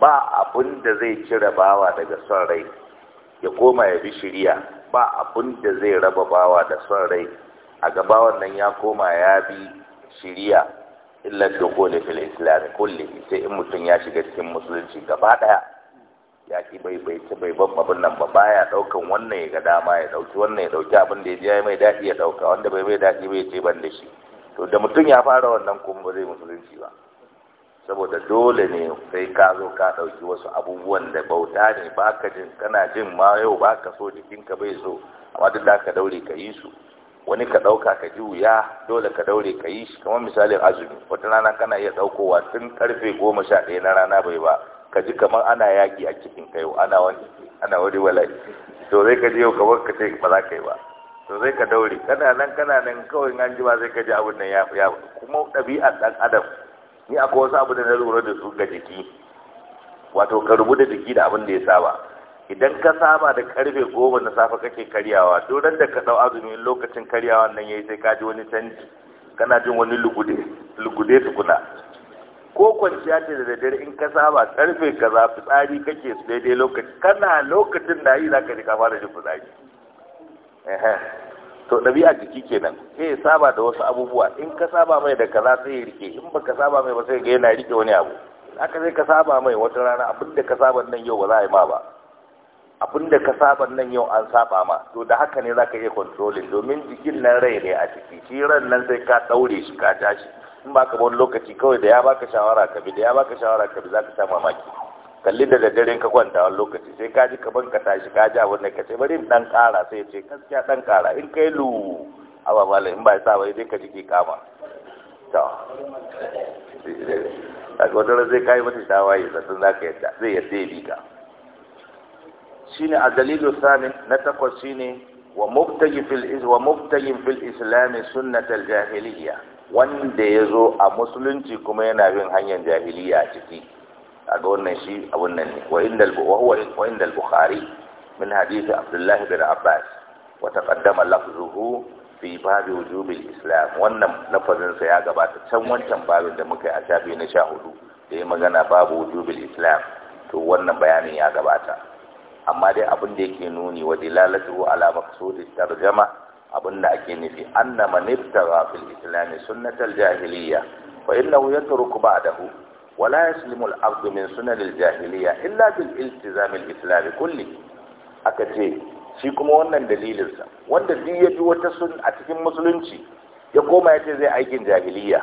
ba abun da zai cire bawa daga son rai ya koma ya bi shiriya ba abun da zai raba bawa da son rai a gaba wannan ya koma ya bi shiriya illa dukhul fil islam kullihi sai in mutum ya shiga cikin musulunci gaba daya ya ki bai bai ci bai ban abin nan ba baya daukan wannan ya ga dama ya dauki wannan ya dauki abin da ya ji ya mai daɗi ya dauka wanda bai mai daɗi bai ce ban da shi to da mutum ya fara wannan kuma ba zai musulunci ba saboda dole ne sai ka zo ka dauki wasu abubuwan da bauta ne baka jin kana jin ma yau baka so jikinka bai so amma duk da ka daure ka yi su wani ka dauka ka ji wuya dole ka daure ka yi shi kamar misalin azumi wata rana kana iya ɗaukowa tun karfe goma sha ɗaya na rana bai ba ka ji kamar ana yaƙi a cikin kai ana wani ana wani walai to zai ka ji yau kamar ka ce ba za ka yi ba to zai ka daure kana nan kana nan kawai an ji ba zai ka ji abin nan ya ya kuma ɗabi'ar ɗan adam ni akwai wasu abu da na lura da su ga jiki wato ka rubuta jiki da abin da ya saba idan ka saba da karfe goma na safe kake karyawa duran da ka ɗau azumi lokacin karyawa nan yayi sai ka ji wani canji kana jin wani lugude lugude tukuna ko kwanciya ce da daddare in ka saba karfe ka kaza fitsari kake su daidai lokaci kana lokacin da yi za ka ka fara jin fitsari to ɗabi'a jiki kenan sai ya saba da wasu abubuwa in ka saba mai da kaza sai ya rike in baka saba mai ba sai ga yana rike wani abu haka zai ka saba mai wata rana abin da ka saba nan yau ba za a yi ma ba abin da ka saba nan yau an saba ma to da haka ne za ka iya kontrolin domin jikin nan rai ne a ciki shi ran nan sai ka ɗaure shi ka tashi in ba ka wani lokaci kawai da ya baka shawara ka bi da ya baka shawara ka bi za ka sha mamaki kalli da daddaren ka kwanta wani lokaci sai ka ji kaban ka tashi ka ji abin da ka ce bari dan kara sai ce gaskiya dan kara in kai lu aba mala in ba ya sa ba dai ka jike kama to a wata zai kai mata shawaye zaton za ka yadda zai yadda ya bi ka shine a dalilu sani na takwas shine wa muftajin fil islami sunnat al jahiliyya wanda ya zo a musulunci kuma yana bin hanyar jahiliya a ciki a ga wannan shi a wannan ne wa inda al-bukhari min hadisi abdullah bin abbas wa taqaddama lafzuhu fi babi wujubil islam wannan lafazin sa ya gabata can wancan babin da muka yi a shafi na sha hudu da ya magana babu wujubil islam to wannan bayanin ya gabata amma dai abin da yake nuni wa dilalatu ala maqsudit tarjama abin da ake nufi anna man ibtagha fil islam sunnatal jahiliya fa innahu yatruku ba'dahu wa la yaslimu al-abd min sunan jahiliya illa bil iltizam al kulli aka ce shi kuma wannan dalilinsa wanda duk ya bi wata sun a cikin musulunci ya koma ya ce zai aikin jahiliya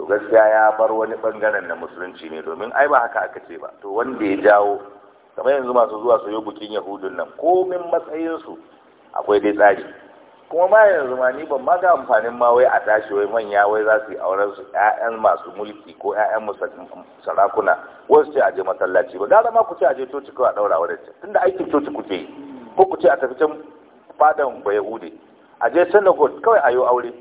to gaskiya ya bar wani bangaren na musulunci ne domin ai ba haka aka ce ba to wanda ya jawo kamar yanzu masu zuwa su yi bukin yahudun nan komin matsayinsu akwai dai tsari kuma ma yanzu ma ni ban ma ga amfanin ma wai a tashi wai manya wai za su yi auren su ƴaƴan masu mulki ko ƴaƴan sarakuna su ce a je masallaci ba gara ma ku ce a je coci kawai a ɗaura wa dace tunda aikin coci kuke yi ko ku ce a tafi can fadan bayahude a je synagogue kawai a yi aure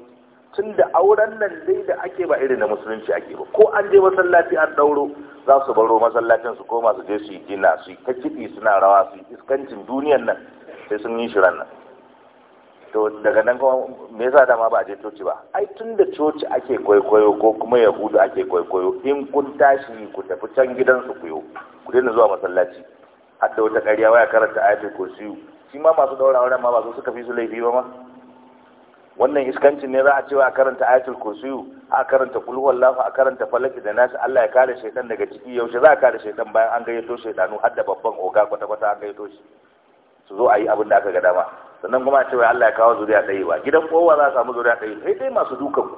tunda auren nan dai da ake ba irin na musulunci ake ba ko an je masallaci an ɗauro za su baro masallacin su koma su je su yi gina su yi ta kiɗi suna rawa su yi iskancin duniyan nan sai sun yi shirin nan to daga nan kuma me yasa dama ba a je coci ba ai tun da coci ake kwaikwayo ko kuma yahudu ake kwaikwayo in kun tashi ku tafi can gidan su kuyo ku daina zuwa masallaci hatta wata ƙarya waya karanta ayatul kursi shi ma masu daura auren ma ba su suka fi su laifi ba ma wannan iskancin ne za a cewa a karanta ayatul kursi a karanta kul wallahu a karanta falaki da nasu Allah ya kare shaitan daga ciki yaushe za a kare shaitan bayan an gayyato shaitanu har da babban oga kwata-kwata an gayyato shi su zo a yi abin da aka ga dama sannan kuma ce wai Allah ya kawo zuriya ɗaya ba gidan kowa za a samu zuriya ɗaya sai dai masu duka ku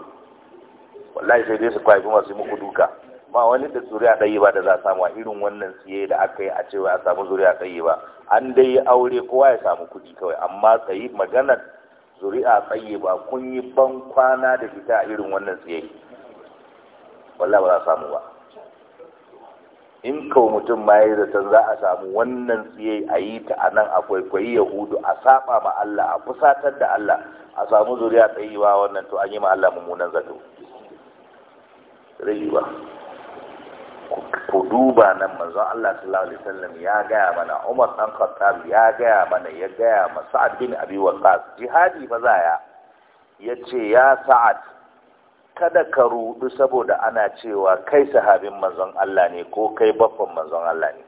wallahi sai dai su kwafi masu muku duka ma wani da zuriya ɗaya ba da za a samu a irin wannan siye da aka yi a ce a samu zuriya ɗaya ba an dai aure kowa ya samu kuɗi kawai amma tsayi maganar zuri'a tsaye ba kun yi ban kwana da fita a irin wannan siye wallahi ba za a samu ba in kawo mutum ma ya zaton za a samu wannan tsiye a yi ta a nan a kwaikwayi yahudu a saba ma Allah a fusatar da Allah a samu zuriya tsayiwa wannan to an yi ma Allah mummunan zato rayuwa ku duba nan manzon Allah sallallahu alaihi wasallam ya gaya mana Umar dan Khattab ya gaya mana ya gaya ma Sa'ad bin Abi Waqqas jihadi fa zaya yace ya Sa'ad kada ka rudu saboda ana cewa kai sahabin manzon Allah ne ko kai baffan manzon Allah ne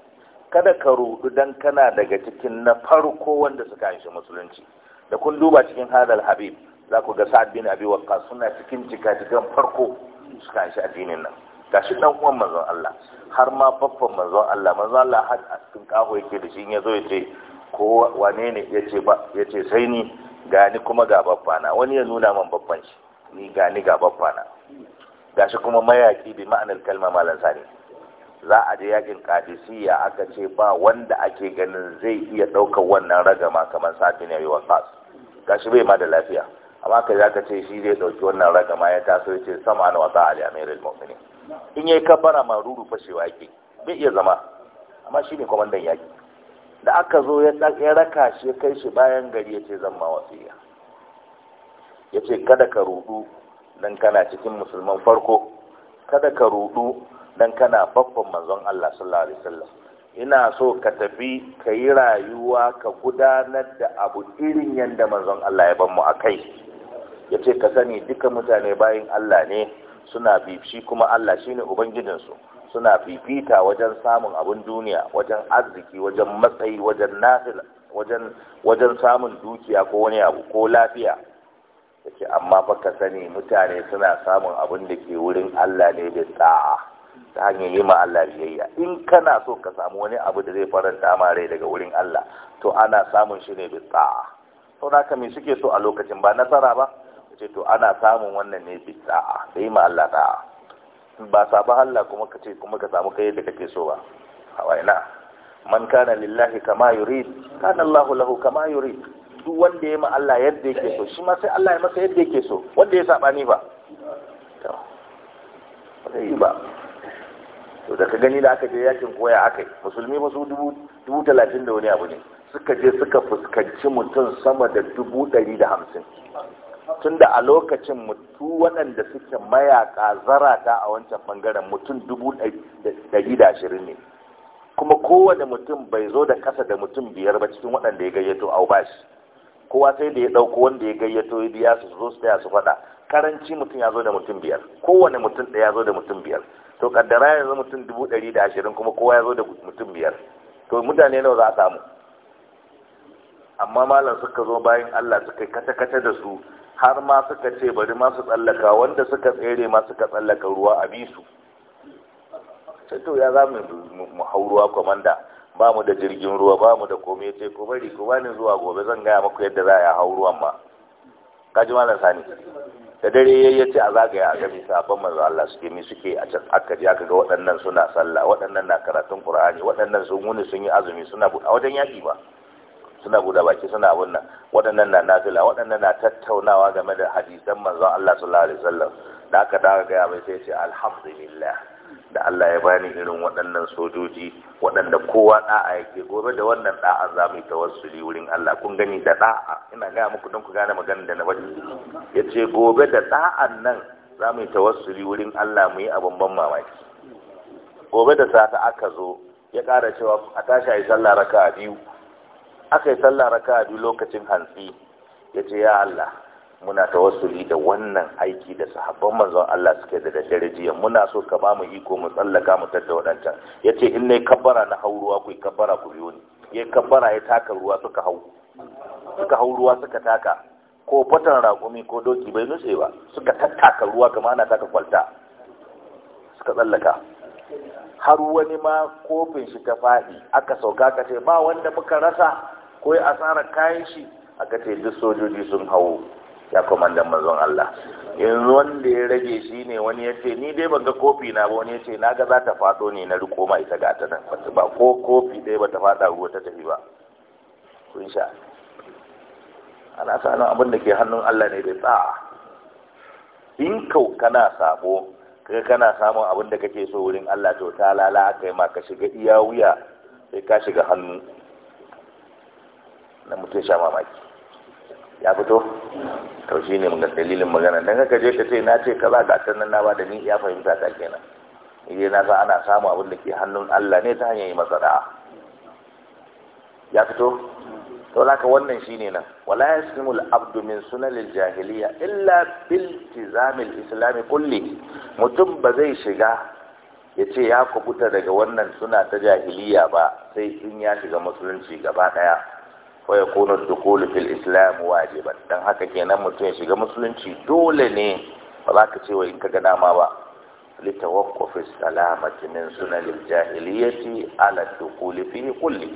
kada ka rudu dan kana daga cikin na farko wanda suka yi musulunci da kun duba cikin hadal habib za ku ga sa'ad bin abi waqqa suna cikin jikajikan farko suka yi addinin nan gashi dan uwan manzon Allah har ma baffan manzon Allah manzon Allah har cikin kaho yake da shi ya zo ya ce ko wane ne yace ba yace sai ni gani kuma ga babbana wani ya nuna man babban shi ni ga ni ga na gashi kuma mayaki bi ma'anar kalma malan sani za a je yakin kadisiya aka ce ba wanda ake ganin zai iya daukar wannan ragama kamar safi ne wa fas gashi bai ma da lafiya amma kai zaka ce shi zai ɗauki wannan ragama ya taso ya ce sama na wata ali amirul mu'minin in yayi kafara ma ruru fashewa yake bai iya zama amma shi ne kwamandan yaki da aka zo ya raka shi ya kai shi bayan gari ya ce zan ma wasiya ya ce kada ka rudu don kana cikin musulman farko kada ka rudu don kana babban manzon Allah sallallahu alaihi wasallam ina so ka tafi ka yi rayuwa ka gudanar da abu irin yadda manzon Allah ya ban mu akai ya ce ka sani duka mutane bayan Allah ne suna bibi kuma Allah shine ubangijinsu suna fifita wajen samun abin duniya wajen arziki wajen matsayi wajen nafila wajen samun dukiya ko wani abu ko lafiya yake amma fa ka sani mutane suna samun abin da ke wurin Allah ne da sa'a ta hanyar yi ma Allah biyayya in kana so ka samu wani abu da zai faranta ma rai daga wurin Allah to ana samun shi ne da sa'a to naka me suke so a lokacin ba nasara ba yace to ana samun wannan ne da sa'a sai ma Allah da'a ba sabon Allah kuma ka kuma ka samu kai da kake so ba hawaina man kana lillahi kama yurid kana Allahu lahu kama yurid duk wanda ya ma Allah yadda yake so shi ma sai Allah ya masa yadda yake so wanda ya saba ni ba zai yi ba to da ka gani da aka je yakin koya aka yi musulmi masu dubu talatin da wani abu ne suka je suka fuskanci mutum sama da dubu ɗari da hamsin tun da a lokacin mutu waɗanda suke mayaka zarata a wancan bangaren mutum dubu ɗari da ashirin ne kuma kowane mutum bai zo da kasa da mutum biyar ba cikin waɗanda ya gayyato au bashi kowa sai da ya ɗauko wanda ya gayyato ya biya su zo su taya su faɗa karanci mutum ya zo da mutum biyar kowane mutum ɗaya ya zo da mutum biyar to kaddara ya zo mutum dubu ɗari da ashirin kuma kowa ya zo da mutum biyar to mutane nawa za a samu amma malam suka zo bayan Allah suka kata-kata da su har ma suka ce bari ma su tsallaka wanda suka tsere ma suka tsallaka ruwa a bisu sai to ya za mu hau ruwa kwamanda ba mu da jirgin ruwa ba mu da komai ya ce ko bari ko bani zuwa gobe zan gaya maku yadda za a yi hau ruwan ma ka ji malam sani da dare ya ce a zagaya a gami sabon manzo Allah suke mi suke a can aka ji aka ga waɗannan suna sallah waɗannan na karatun Qur'ani waɗannan sun wuni sun yi azumi suna buɗa wajen yaƙi ba suna buɗa baki suna abun nan waɗannan na nafila waɗannan na tattaunawa game da hadisan manzo Allah sallallahu alaihi wasallam da aka dawo ga ya mai sai ce alhamdulillah da Allah ya bani irin waɗannan sojoji waɗanda kowa ɗa'a yake gobe da wannan ɗa'a za mu yi tawassuli wurin Allah kun gani da ɗa'a ina gaya muku don ku gane maganin da na bari ya ce gobe da ɗa'an nan za mu yi tawassuli wurin Allah mu yi abin ban mamaki gobe da sata aka zo ya ƙara cewa a tashi a yi sallah raka biyu aka yi sallah raka biyu lokacin hantsi ya ce ya Allah muna tawassuli da wannan aiki da sahabban manzon Allah suke da da darajiya muna so ka bamu iko mu tsallaka mu tadda wadancan yace in nay kabbara na hauruwa ku kabbara ku biyo ni yayi kabbara ya taka ruwa suka hau suka hau ruwa suka taka ko fatan raƙumi ko doki bai nutse ba suka tattaka ruwa kuma ana taka kwalta suka tsallaka har wani ma kofin shi ta faɗi aka sauka ka ce ba wanda muka rasa ko asarar kayan shi aka ce duk sojoji sun hau ya komandan manzon Allah yanzu wanda ya rage shi ne wani ya ce ni dai ban ga kofi na ba wani ya ce naga za ta faɗo ne na riko ma ita ga ta nan ba ko kofi dai ba ta fada ruwa ta tafi ba kun sha ana sanin abin da ke hannun Allah ne da tsa'a in kau kana sabo kaga kana samun abin da kake so wurin Allah to ta lala aka ma ka shiga iya wuya sai ka shiga hannu na mutum sha mamaki ya fito to shi ne ga dalilin magana don ka je ka ce na ce ka ba ka tannan na ba da ni ya fahimta ta kenan Idan na sa ana samu abin da ke hannun Allah ne ta hanyar yi masa da'a ya fito to laka wannan shine nan wala yaslimul abdu min sunanil jahiliya illa bil tizamil islami kulli mutum ba zai shiga ya ce ya kubuta daga wannan suna ta jahiliya ba sai in ya shiga musulunci gaba daya wa ya kuna dukulu fil islam wajiban dan haka kenan mutum ya shiga musulunci dole ne ba za ka ce wa in ka ga dama ba litawaqquf as-salamati min sunan jahiliyyati ala dukuli fi kulli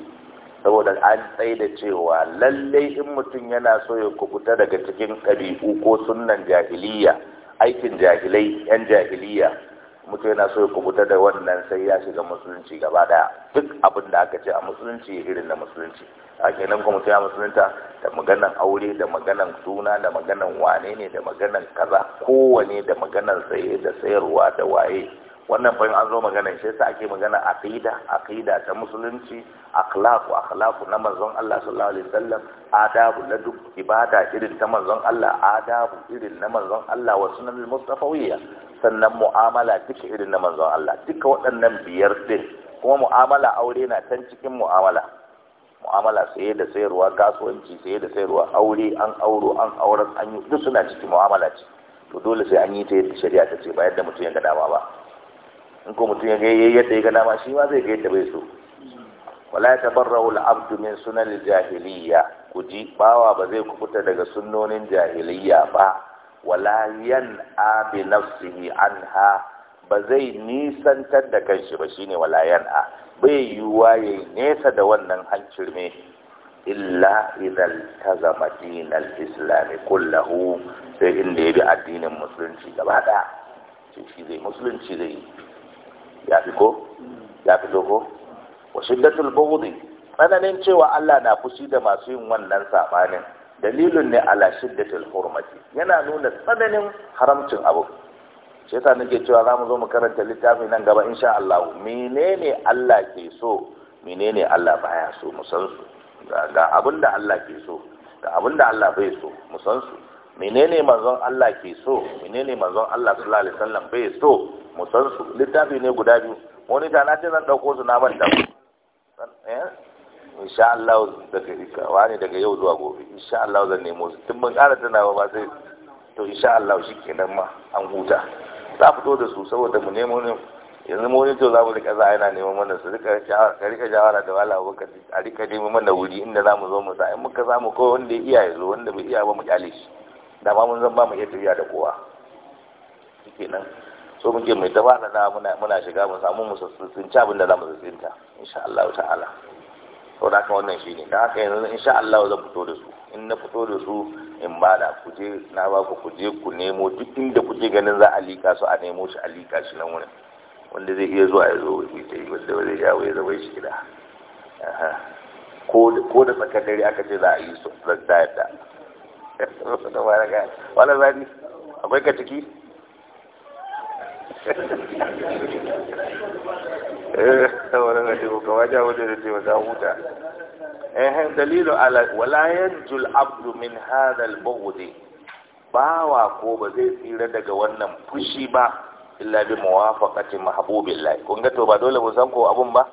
saboda an tsaye cewa lallai in mutum yana so ya kubuta daga cikin ɗabi'u ko sunnan jahiliya aikin jahilai yan jahiliya mutum yana so ya kubuta da wannan sai ya shiga musulunci gaba daya duk abin da aka ce a musulunci irin na musulunci a kenan kuma mutum musulunta da maganan aure da maganan suna da maganan wane ne da maganan kaza kowane da maganan saye da sayarwa da waye wannan fa an zo maganan shi yasa ake magana aqida aqida ta musulunci akhlaqu akhlaqu na manzon Allah sallallahu alaihi wasallam adabu na duk ibada irin ta manzon Allah adabu irin na manzon Allah wa sunan mustafawiyya sannan mu'amala duk irin na manzon Allah duka waɗannan biyar din kuma mu'amala aure na can cikin mu'amala mu'amala saye da sayarwa kasuwanci saye da sayarwa aure an auro an auren an yi duk suna cikin mu'amala ce to dole sai an yi ta yadda shari'a ta ce ba yadda mutum ya ga dama ba in ko mutum ya ga yadda ya ga dama shi ma zai ga yadda bai so wala ya tabarra'u al-abdu min sunan al-jahiliyya kuji bawa ba zai kubuta daga sunnonin jahiliyya ba wala yan abi nafsihi anha ba zai nisantar da kanshi ba shine wala a bai yiwuwa ya nesa da wannan ne. illa idan ta zama dinar islami kullahu sai inda ya bi addinin musulunci gaba ɗaya shi zai musulunci zai ya fi ko ya fi ko wa shiddatul tsananin cewa Allah na fushi da masu yin wannan sabanin dalilin ne ala shiddatul hurmati yana nuna tsananin haramcin abu shi yasa nake cewa za mu zo mu karanta littafin nan gaba insha Allah menene Allah ke so menene Allah baya so mu san su ga abin da Allah ke so ga abin da Allah bai so mu san su menene manzon Allah ke so menene manzon Allah sallallahu alaihi wasallam bai so mu san su littafi ne guda biyu wani da na ce zan dauko su na ban eh insha Allah daga wani daga yau zuwa gobe insha Allah zan nemo su tun ban ƙara tunawa ba sai to insha Allah shikenan ma an huta za fito da su saboda mu nemo ne yanzu mu to za mu rika za yana neman mana su rika ka rika jawara da wala abokan a rika neman mana wuri inda za mu zo mu sa in muka za mu kowa wanda ya iya ya zo wanda bai iya ba mu kyale shi da ma mun zan ba mu iya tafiya da kowa kenan so muke mai ta da muna shiga mu samu mu tsinci abin da za mu tsinta insha Allah ta'ala sau da aka wannan shi ne da haka yanzu insha Allah zan fito da su in na fito da su in ba da kuje na ba ku kuje ku nemo duk inda kuje ganin za a lika su a nemo shi a lika shi nan wurin wanda zai iya zuwa ya zo ita yi wanda zai jawo ya zama shi gida ko da tsakar dare aka ce za a yi su zan da yadda [LAUGHS] wala zani akwai ka ciki [LAUGHS] Eh, wani eh, dalilu ala wala abdu min hadal bughdi bawa ko ba zai tsira daga wannan fushi ba illa bi muwafaqati mahbubillah kun ga to ba dole mu san ko abun ba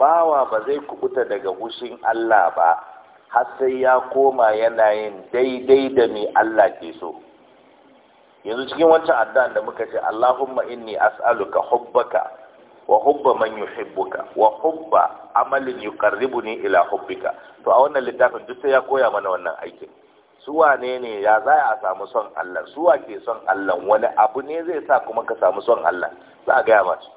bawa ba zai kubuta daga fushin Allah ba har sai ya koma yana yin daidai da mai Allah ke so yanzu cikin wancan addan da muka ce Allahumma inni as'aluka hubbaka wa hubba man yuhibbuka wa hubba amalin yuqarribuni ila hubbika to a wannan littafin duk sai ya koya mana wannan aikin su wane ne ya za a samu son Allah su wa son Allah wani abu ne zai sa kuma ka samu son Allah za a gaya masu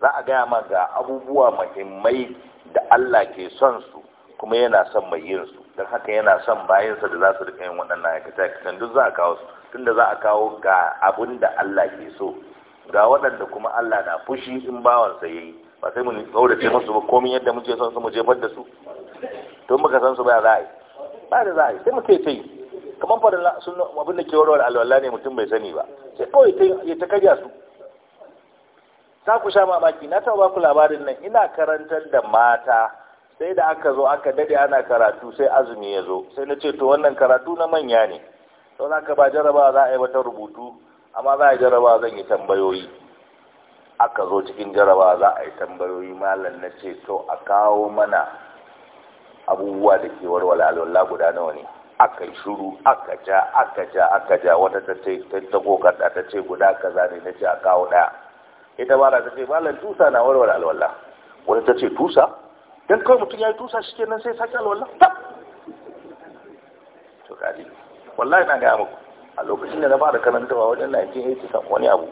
za a gaya ma ga abubuwa muhimmai da Allah ke son su kuma yana son mai yin su don haka yana son bayansa da za su rika yin waɗannan aikace-aikacen duk za a kawo su tunda za a kawo ga abun da Allah ke so ga waɗanda kuma Allah na fushi in bawansa yayi ba sai mun tsaurace musu ba komai yadda muke son su mu jefar da su to muka san su ba za a yi ba da za a yi sai muke tai kamar fara sun abin da ke warware alwala ne mutum bai sani ba sai kawai ya ta karya su za ku sha mamaki na taɓa ku labarin nan ina karantar da mata sai da aka zo aka dade ana karatu sai azumi ya zo sai na ce to wannan karatu na manya ne sau za ka ba jarabawa za a yi wata rubutu amma za a jaraba zan yi tambayoyi aka zo cikin jaraba za a yi tambayoyi malam na ce to a kawo mana abubuwa da ke warware alwala guda nawa ne aka yi shuru aka ja aka ja aka ja wata ta ce ta kokarta ta ce guda kaza ne na ce a kawo ɗaya ita ba ta ce malam tusa na warware alwala wata ta ce tusa don kawai mutum ya yi tusa shi kenan sai sake alwala tab to kadi wallahi na gaya muku a lokacin da na fara karantawa wajen 1980 wani abu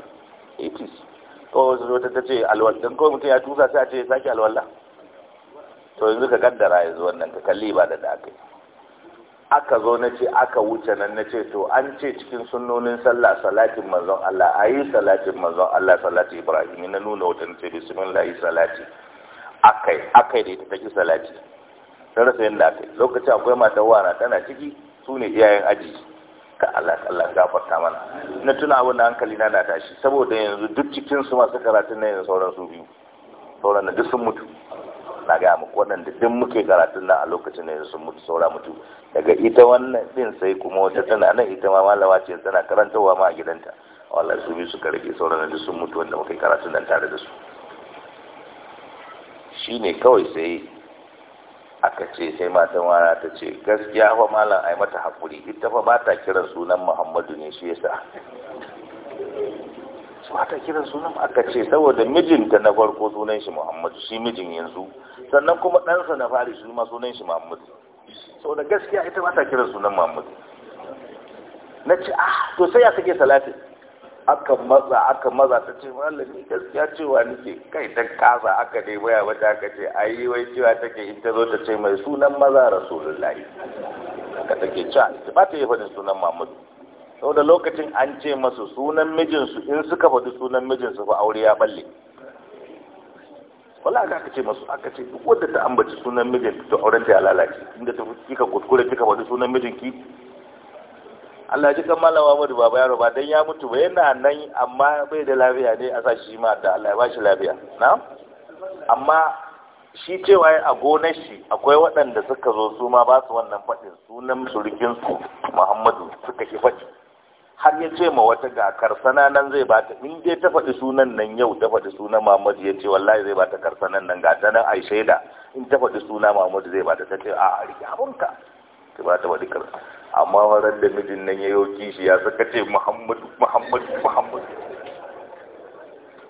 80s to zo ta ce alwal don kawai mutum ya tusa sai a ce ya sake alwala to yanzu ka kaddara yanzu wannan ka kalli ba da da aka zo na ce aka wuce nan na ce to an ce cikin sunnonin sallah salatin manzon Allah a yi salatin manzon Allah salati Ibrahim na nuna wata na ce bismillahi salati akai akai da ita take salati sai rasa yanda akai lokacin akwai mata wana tana ciki su ne iyayen aji ka Allah Allah gafarta mana na tuna abin da hankali na na tashi saboda yanzu duk cikin su masu karatun na yanzu sauran su biyu sauran na duk sun mutu na ga muku waɗanda duk muke karatun nan a lokacin da sun mutu saura mutu daga ita wannan din sai kuma wata tana nan ita ma malama ce tana karantarwa ma a gidanta wallahi su biyu suka rage sauran da sun mutu wanda muke karatun nan tare da su shine kawai sai aka ce sai matan wara ta ce gaskiya fa malam ai mata hakuri ita fa ba ta kiran sunan Muhammadu ne shi yasa ba ta kiran sunan aka ce saboda mijinta na farko sunan shi Muhammadu shi mijin yanzu sannan kuma ɗansa na fari shi ma sunan shi Muhammadu saboda gaskiya ita ba ta kiran sunan Muhammadu na ce ah to sai ya sake salatin aka matsa aka matsa ta ce malami gaskiya cewa nake kai ta kasa aka dai waya wata aka ce ayi wai cewa take in ta zo ta ce mai sunan maza rasulullahi aka take cewa ba ta yi faɗin sunan Muhammadu saboda lokacin an ce masu sunan mijinsu in suka faɗi sunan mijinsu fa aure ya balle wala ga aka ce masu aka ce duk wadda ta ambaci sunan mijin ta auren ta ya lalace inda ta kika kuskure kika faɗi sunan mijinki Allah ji kammala malama Muhammadu baba yaro ba dan ya mutu ba yana nan amma bai da lafiya ne a sa shi ma da Allah ya ba shi lafiya na amma shi cewa a gonar shi akwai waɗanda suka zo su ma ba su wannan faɗin sunan surukin su Muhammadu suka ki faɗi har ya ce ma wata ga karsana nan zai ba ta in dai ta faɗi sunan nan yau ta faɗi sunan Muhammadu ya ce wallahi zai ba ta karsanan nan ga ta nan ai shaida in ta faɗi suna Muhammadu zai ba ta ta ce a a rike abunka ta ba ta wadi kaza amma waran da mijin nan ya yau kishi ya saka ce muhammadu muhammadu muhammadu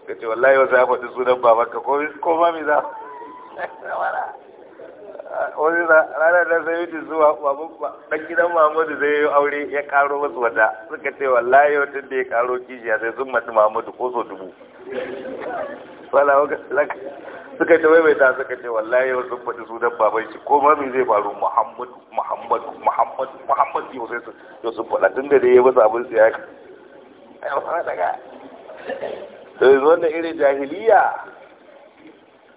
ka ce wallahi wasu ya faɗi sunan ka ko ma mi za wani ranar da sai yi zuwa ɗan gidan Muhammadu zai yi aure ya karo masu wata suka ce wallahi wata da ya karo kishiya sai sun matu Muhammadu ko so dubu wala waka laka suka ta suka ce wallahi wasu sun faɗi sunan baban shi ko ma zai faru muhammadu muhammadu muhammadu muhammadu yau sai su yau sun faɗa tun da dai ya masa abin siya ka ya fara daga to wannan irin jahiliya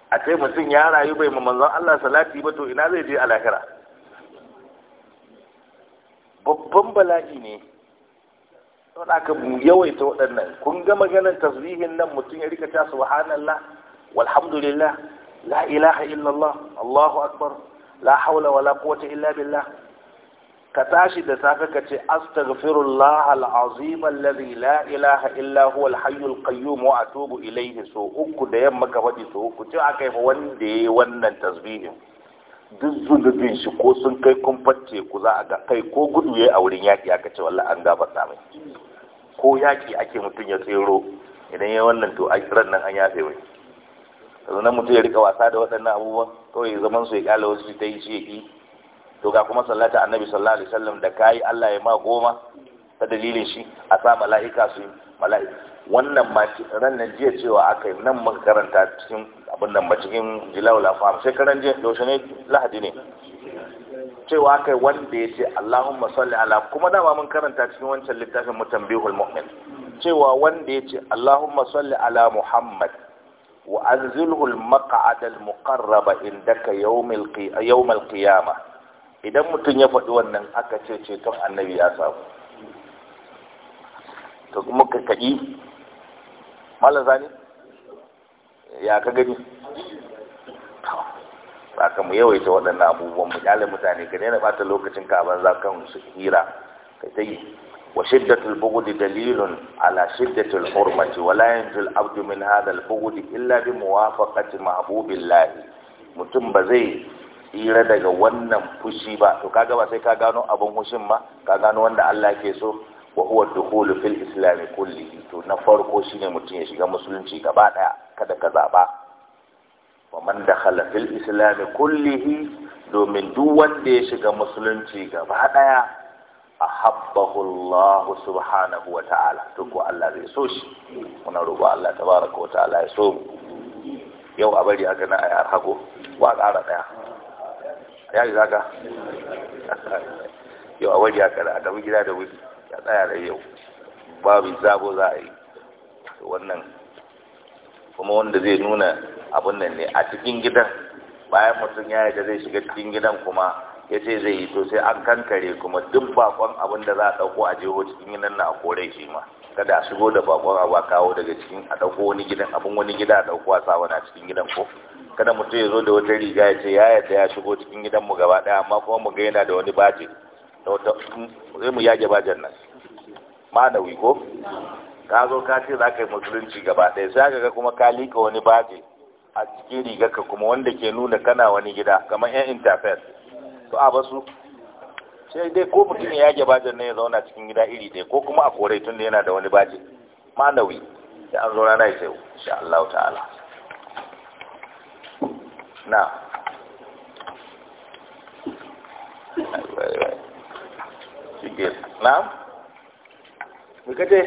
a ce mutum ya rayu bai ma Allah salati ba to ina zai je a lahira babban bala'i ne saboda aka yawaita waɗannan kun ga maganar tasbihin nan mutum ya rika ta subhanallah walhamdulillah la ilaha illallah allahu akbar la haula wala quwwata illa billah ka tashi da safe ka ce astaghfirullah alazim alladhi la ilaha illa huwa alhayyul qayyum wa atubu ilayhi so uku da yamma ka faɗi so uku ce aka yi wanda yayi wannan tasbihin duk zunubin shi ko sun kai kumfar ku za a ga kai ko gudu ya a wurin yaƙi aka ce wallah an gaba mai ko yaƙi ake mutum ya tsero idan ya wannan to a kiran nan an yafe mai yanzu nan mutum ya rika wasa da waɗannan abubuwan kawai zaman su ya ƙyale wasu su ta yi shi to ga kuma sallata annabi sallallahu alaihi wasallam da kayi Allah ya ma goma ta dalilin shi a sa mala'ika su mala'ika wannan mati ran nan jiya cewa aka yi nan muka karanta cikin abin nan ba cikin jilawul afam sai karan jiya yaushe ne lahadi ne cewa aka yi wanda ya ce Allahumma salli ala kuma dama mun karanta cikin wancan littafin mutambihul mu'min cewa wanda ya ce Allahumma salli ala Muhammad wa anzilhu al-maq'ad al-muqarrab indaka yawm yawmil qiyamah idan mutum ya faɗi wannan aka ce to annabi ya samu to ka kadi malar sani ya ka gani ba ka mu yawaita waɗannan abubuwan mu kyale mutane ka daina ɓata lokacin ka banza kan su hira ka ta yi wa shiddatul bugudi dalilun ala shiddatul hurmati wa la yanjul abdu min hadha bugudi. illa bi muwafaqati mahbubillah mutum ba zai tsira daga wannan fushi ba to kaga ba sai ka gano abin hushin ma ka gano wanda Allah ke so wa huwa dukhulu fil islam kullihi to na farko shine mutum ya shiga musulunci gaba daya kada ka zaba wa man dakhala fil islam kullihi domin duk wanda ya shiga musulunci gaba daya ahabbahu Allah subhanahu wa ta'ala to ko Allah zai so shi muna roƙo Allah tabaraka wa ta'ala ya so yau a bari aka na ayar hago wa ƙara daya yayi zaka [LAUGHS] yau a bari aka da mu gida da wuri ta tsaya da yau babu zabo za a yi wannan kuma wanda zai nuna abun nan ne a cikin gidan bayan mutum ya yarda zai shiga cikin gidan kuma ya ce zai yi to sai an kankare kuma duk bakon abin da za a ɗauko a jeho cikin gidan na a kore shi ma kada a shigo da bakon a kawo daga cikin a ɗauko wani gidan abin wani gida a ɗauko a sa wani a cikin gidan ko kada mutum ya zo da wata riga ya ce ya yadda ya shigo cikin gidan mu gaba ɗaya amma kuma mu ga yana da wani baje da wata sai mu yage bajin nan ma'anawi ko ka zo ka ce za ka yi musulunci gaba ɗaya sai ga kuma ka lika wani baje a cikin rigarka kuma wanda ke nuna kana wani gida kamar yan interfet to a basu sai dai ko mutum ya yage bajin ne ya zauna cikin gida iri ɗaya ko kuma a kore tun da yana da wani baje ma'anawi sai an zo rana ya sayo insha Allah ta'ala na na mai kace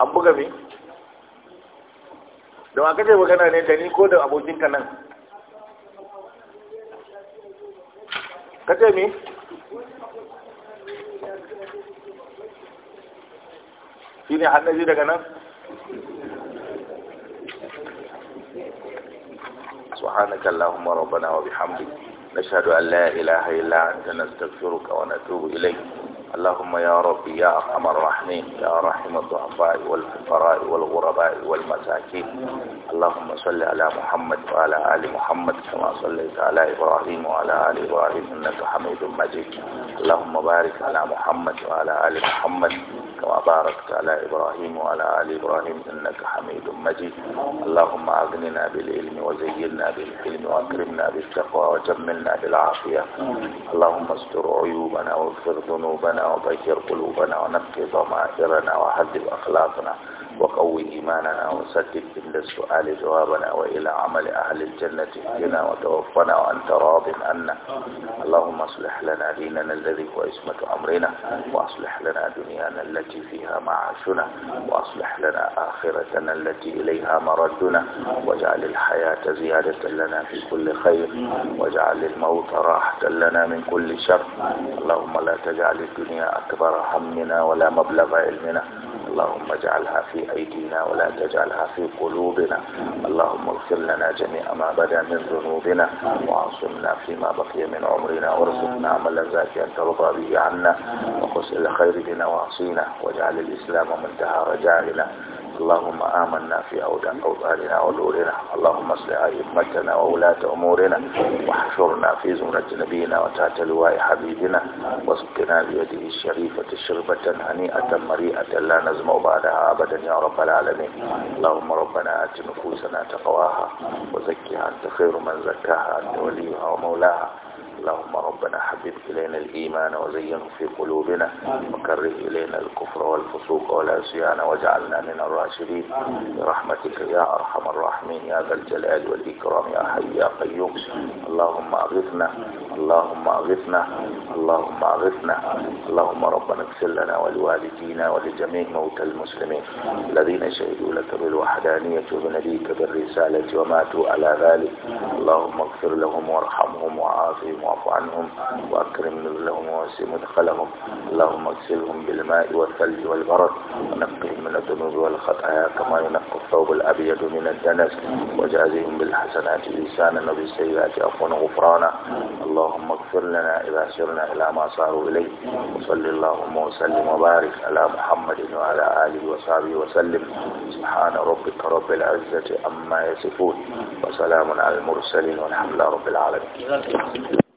an buga mi da ma kace magana ne da ni ko da abokinka nan kace mi shi ne hannaji daga nan سبحانك اللهم ربنا وبحمدك نشهد أن لا إله إلا أنت نستغفرك ونتوب إليك اللهم يا ربي يا أرحم الراحمين يا رحم الضعفاء والفقراء والغرباء والمساكين اللهم صل على محمد وعلى آل محمد كما صليت على إبراهيم وعلى آل إبراهيم إنك حميد مجيد اللهم بارك على محمد وعلى آل محمد كما باركت على إبراهيم وعلى آل إبراهيم إنك حميد مجيد اللهم أغننا بالعلم وزينا بالحلم وأكرمنا بالتقوى وجملنا بالعافية اللهم استر عيوبنا واغفر ذنوبنا قلوبنا وبشر قلوبنا ونقي ضمائرنا وهذب أخلاقنا وقوي إيماننا وسدد من السؤال جوابنا وإلى عمل أهل الجنة اهدنا وتوفنا وأنت راض عنا اللهم اصلح لنا ديننا الذي هو عصمة أمرنا وأصلح لنا دنيانا التي فيها معاشنا وأصلح لنا آخرتنا التي إليها مردنا واجعل الحياة زيادة لنا في كل خير واجعل الموت راحة لنا من كل شر اللهم لا تجعل الدنيا أكبر همنا ولا مبلغ علمنا اللهم اجعلها في أيدينا ولا تجعلها في قلوبنا اللهم اغفر لنا جميع ما بدا من ذنوبنا وعصمنا فيما بقي من عمرنا وارزقنا عملا زاكيا ترضى به عنا وقس إلى خير بنا واجعل الإسلام منتهى رجائنا اللهم آمنا في أوطاننا ونورنا اللهم اصلح أئمتنا وولاة أمورنا واحشرنا في زمرة نبينا وتحت لواء حبيبنا واسقنا بيده الشريفة شربة هنيئة مريئة لا نزمع بعدها أبدا يا رب العالمين اللهم ربنا آت نفوسنا تقواها وزكها أنت خير من زكاها أنت وليها ومولاها اللهم ربنا حبب إلينا الإيمان وزينه في قلوبنا وكره إلينا الكفر والفسوق والعصيان واجعلنا من الراشدين برحمتك يا أرحم الراحمين يا ذا الجلال والإكرام يا حي يا قيوم اللهم أغثنا اللهم أغثنا اللهم أغثنا اللهم ربنا اغفر لنا ولوالدينا ولجميع موتى المسلمين الذين شهدوا لك بالوحدانية وبنبيك بالرسالة وماتوا على ذلك اللهم اغفر لهم وارحمهم وعافهم واعف عنهم وأكرم نزلهم ووسع مدخلهم اللهم اغسلهم بالماء والثلج والبرد ونقهم من الذنوب والخطايا كما ينقى الثوب الأبيض من الدنس وجازهم بالحسنات لسانا وبالسيئات عفوا غفرانا اللهم اغفر لنا إذا سرنا إلى ما صاروا إليه وصل اللهم وسلم وبارك على محمد وعلى آله وصحبه وسلم سبحان ربك رب العزة عما يصفون وسلام على المرسلين والحمد لله رب العالمين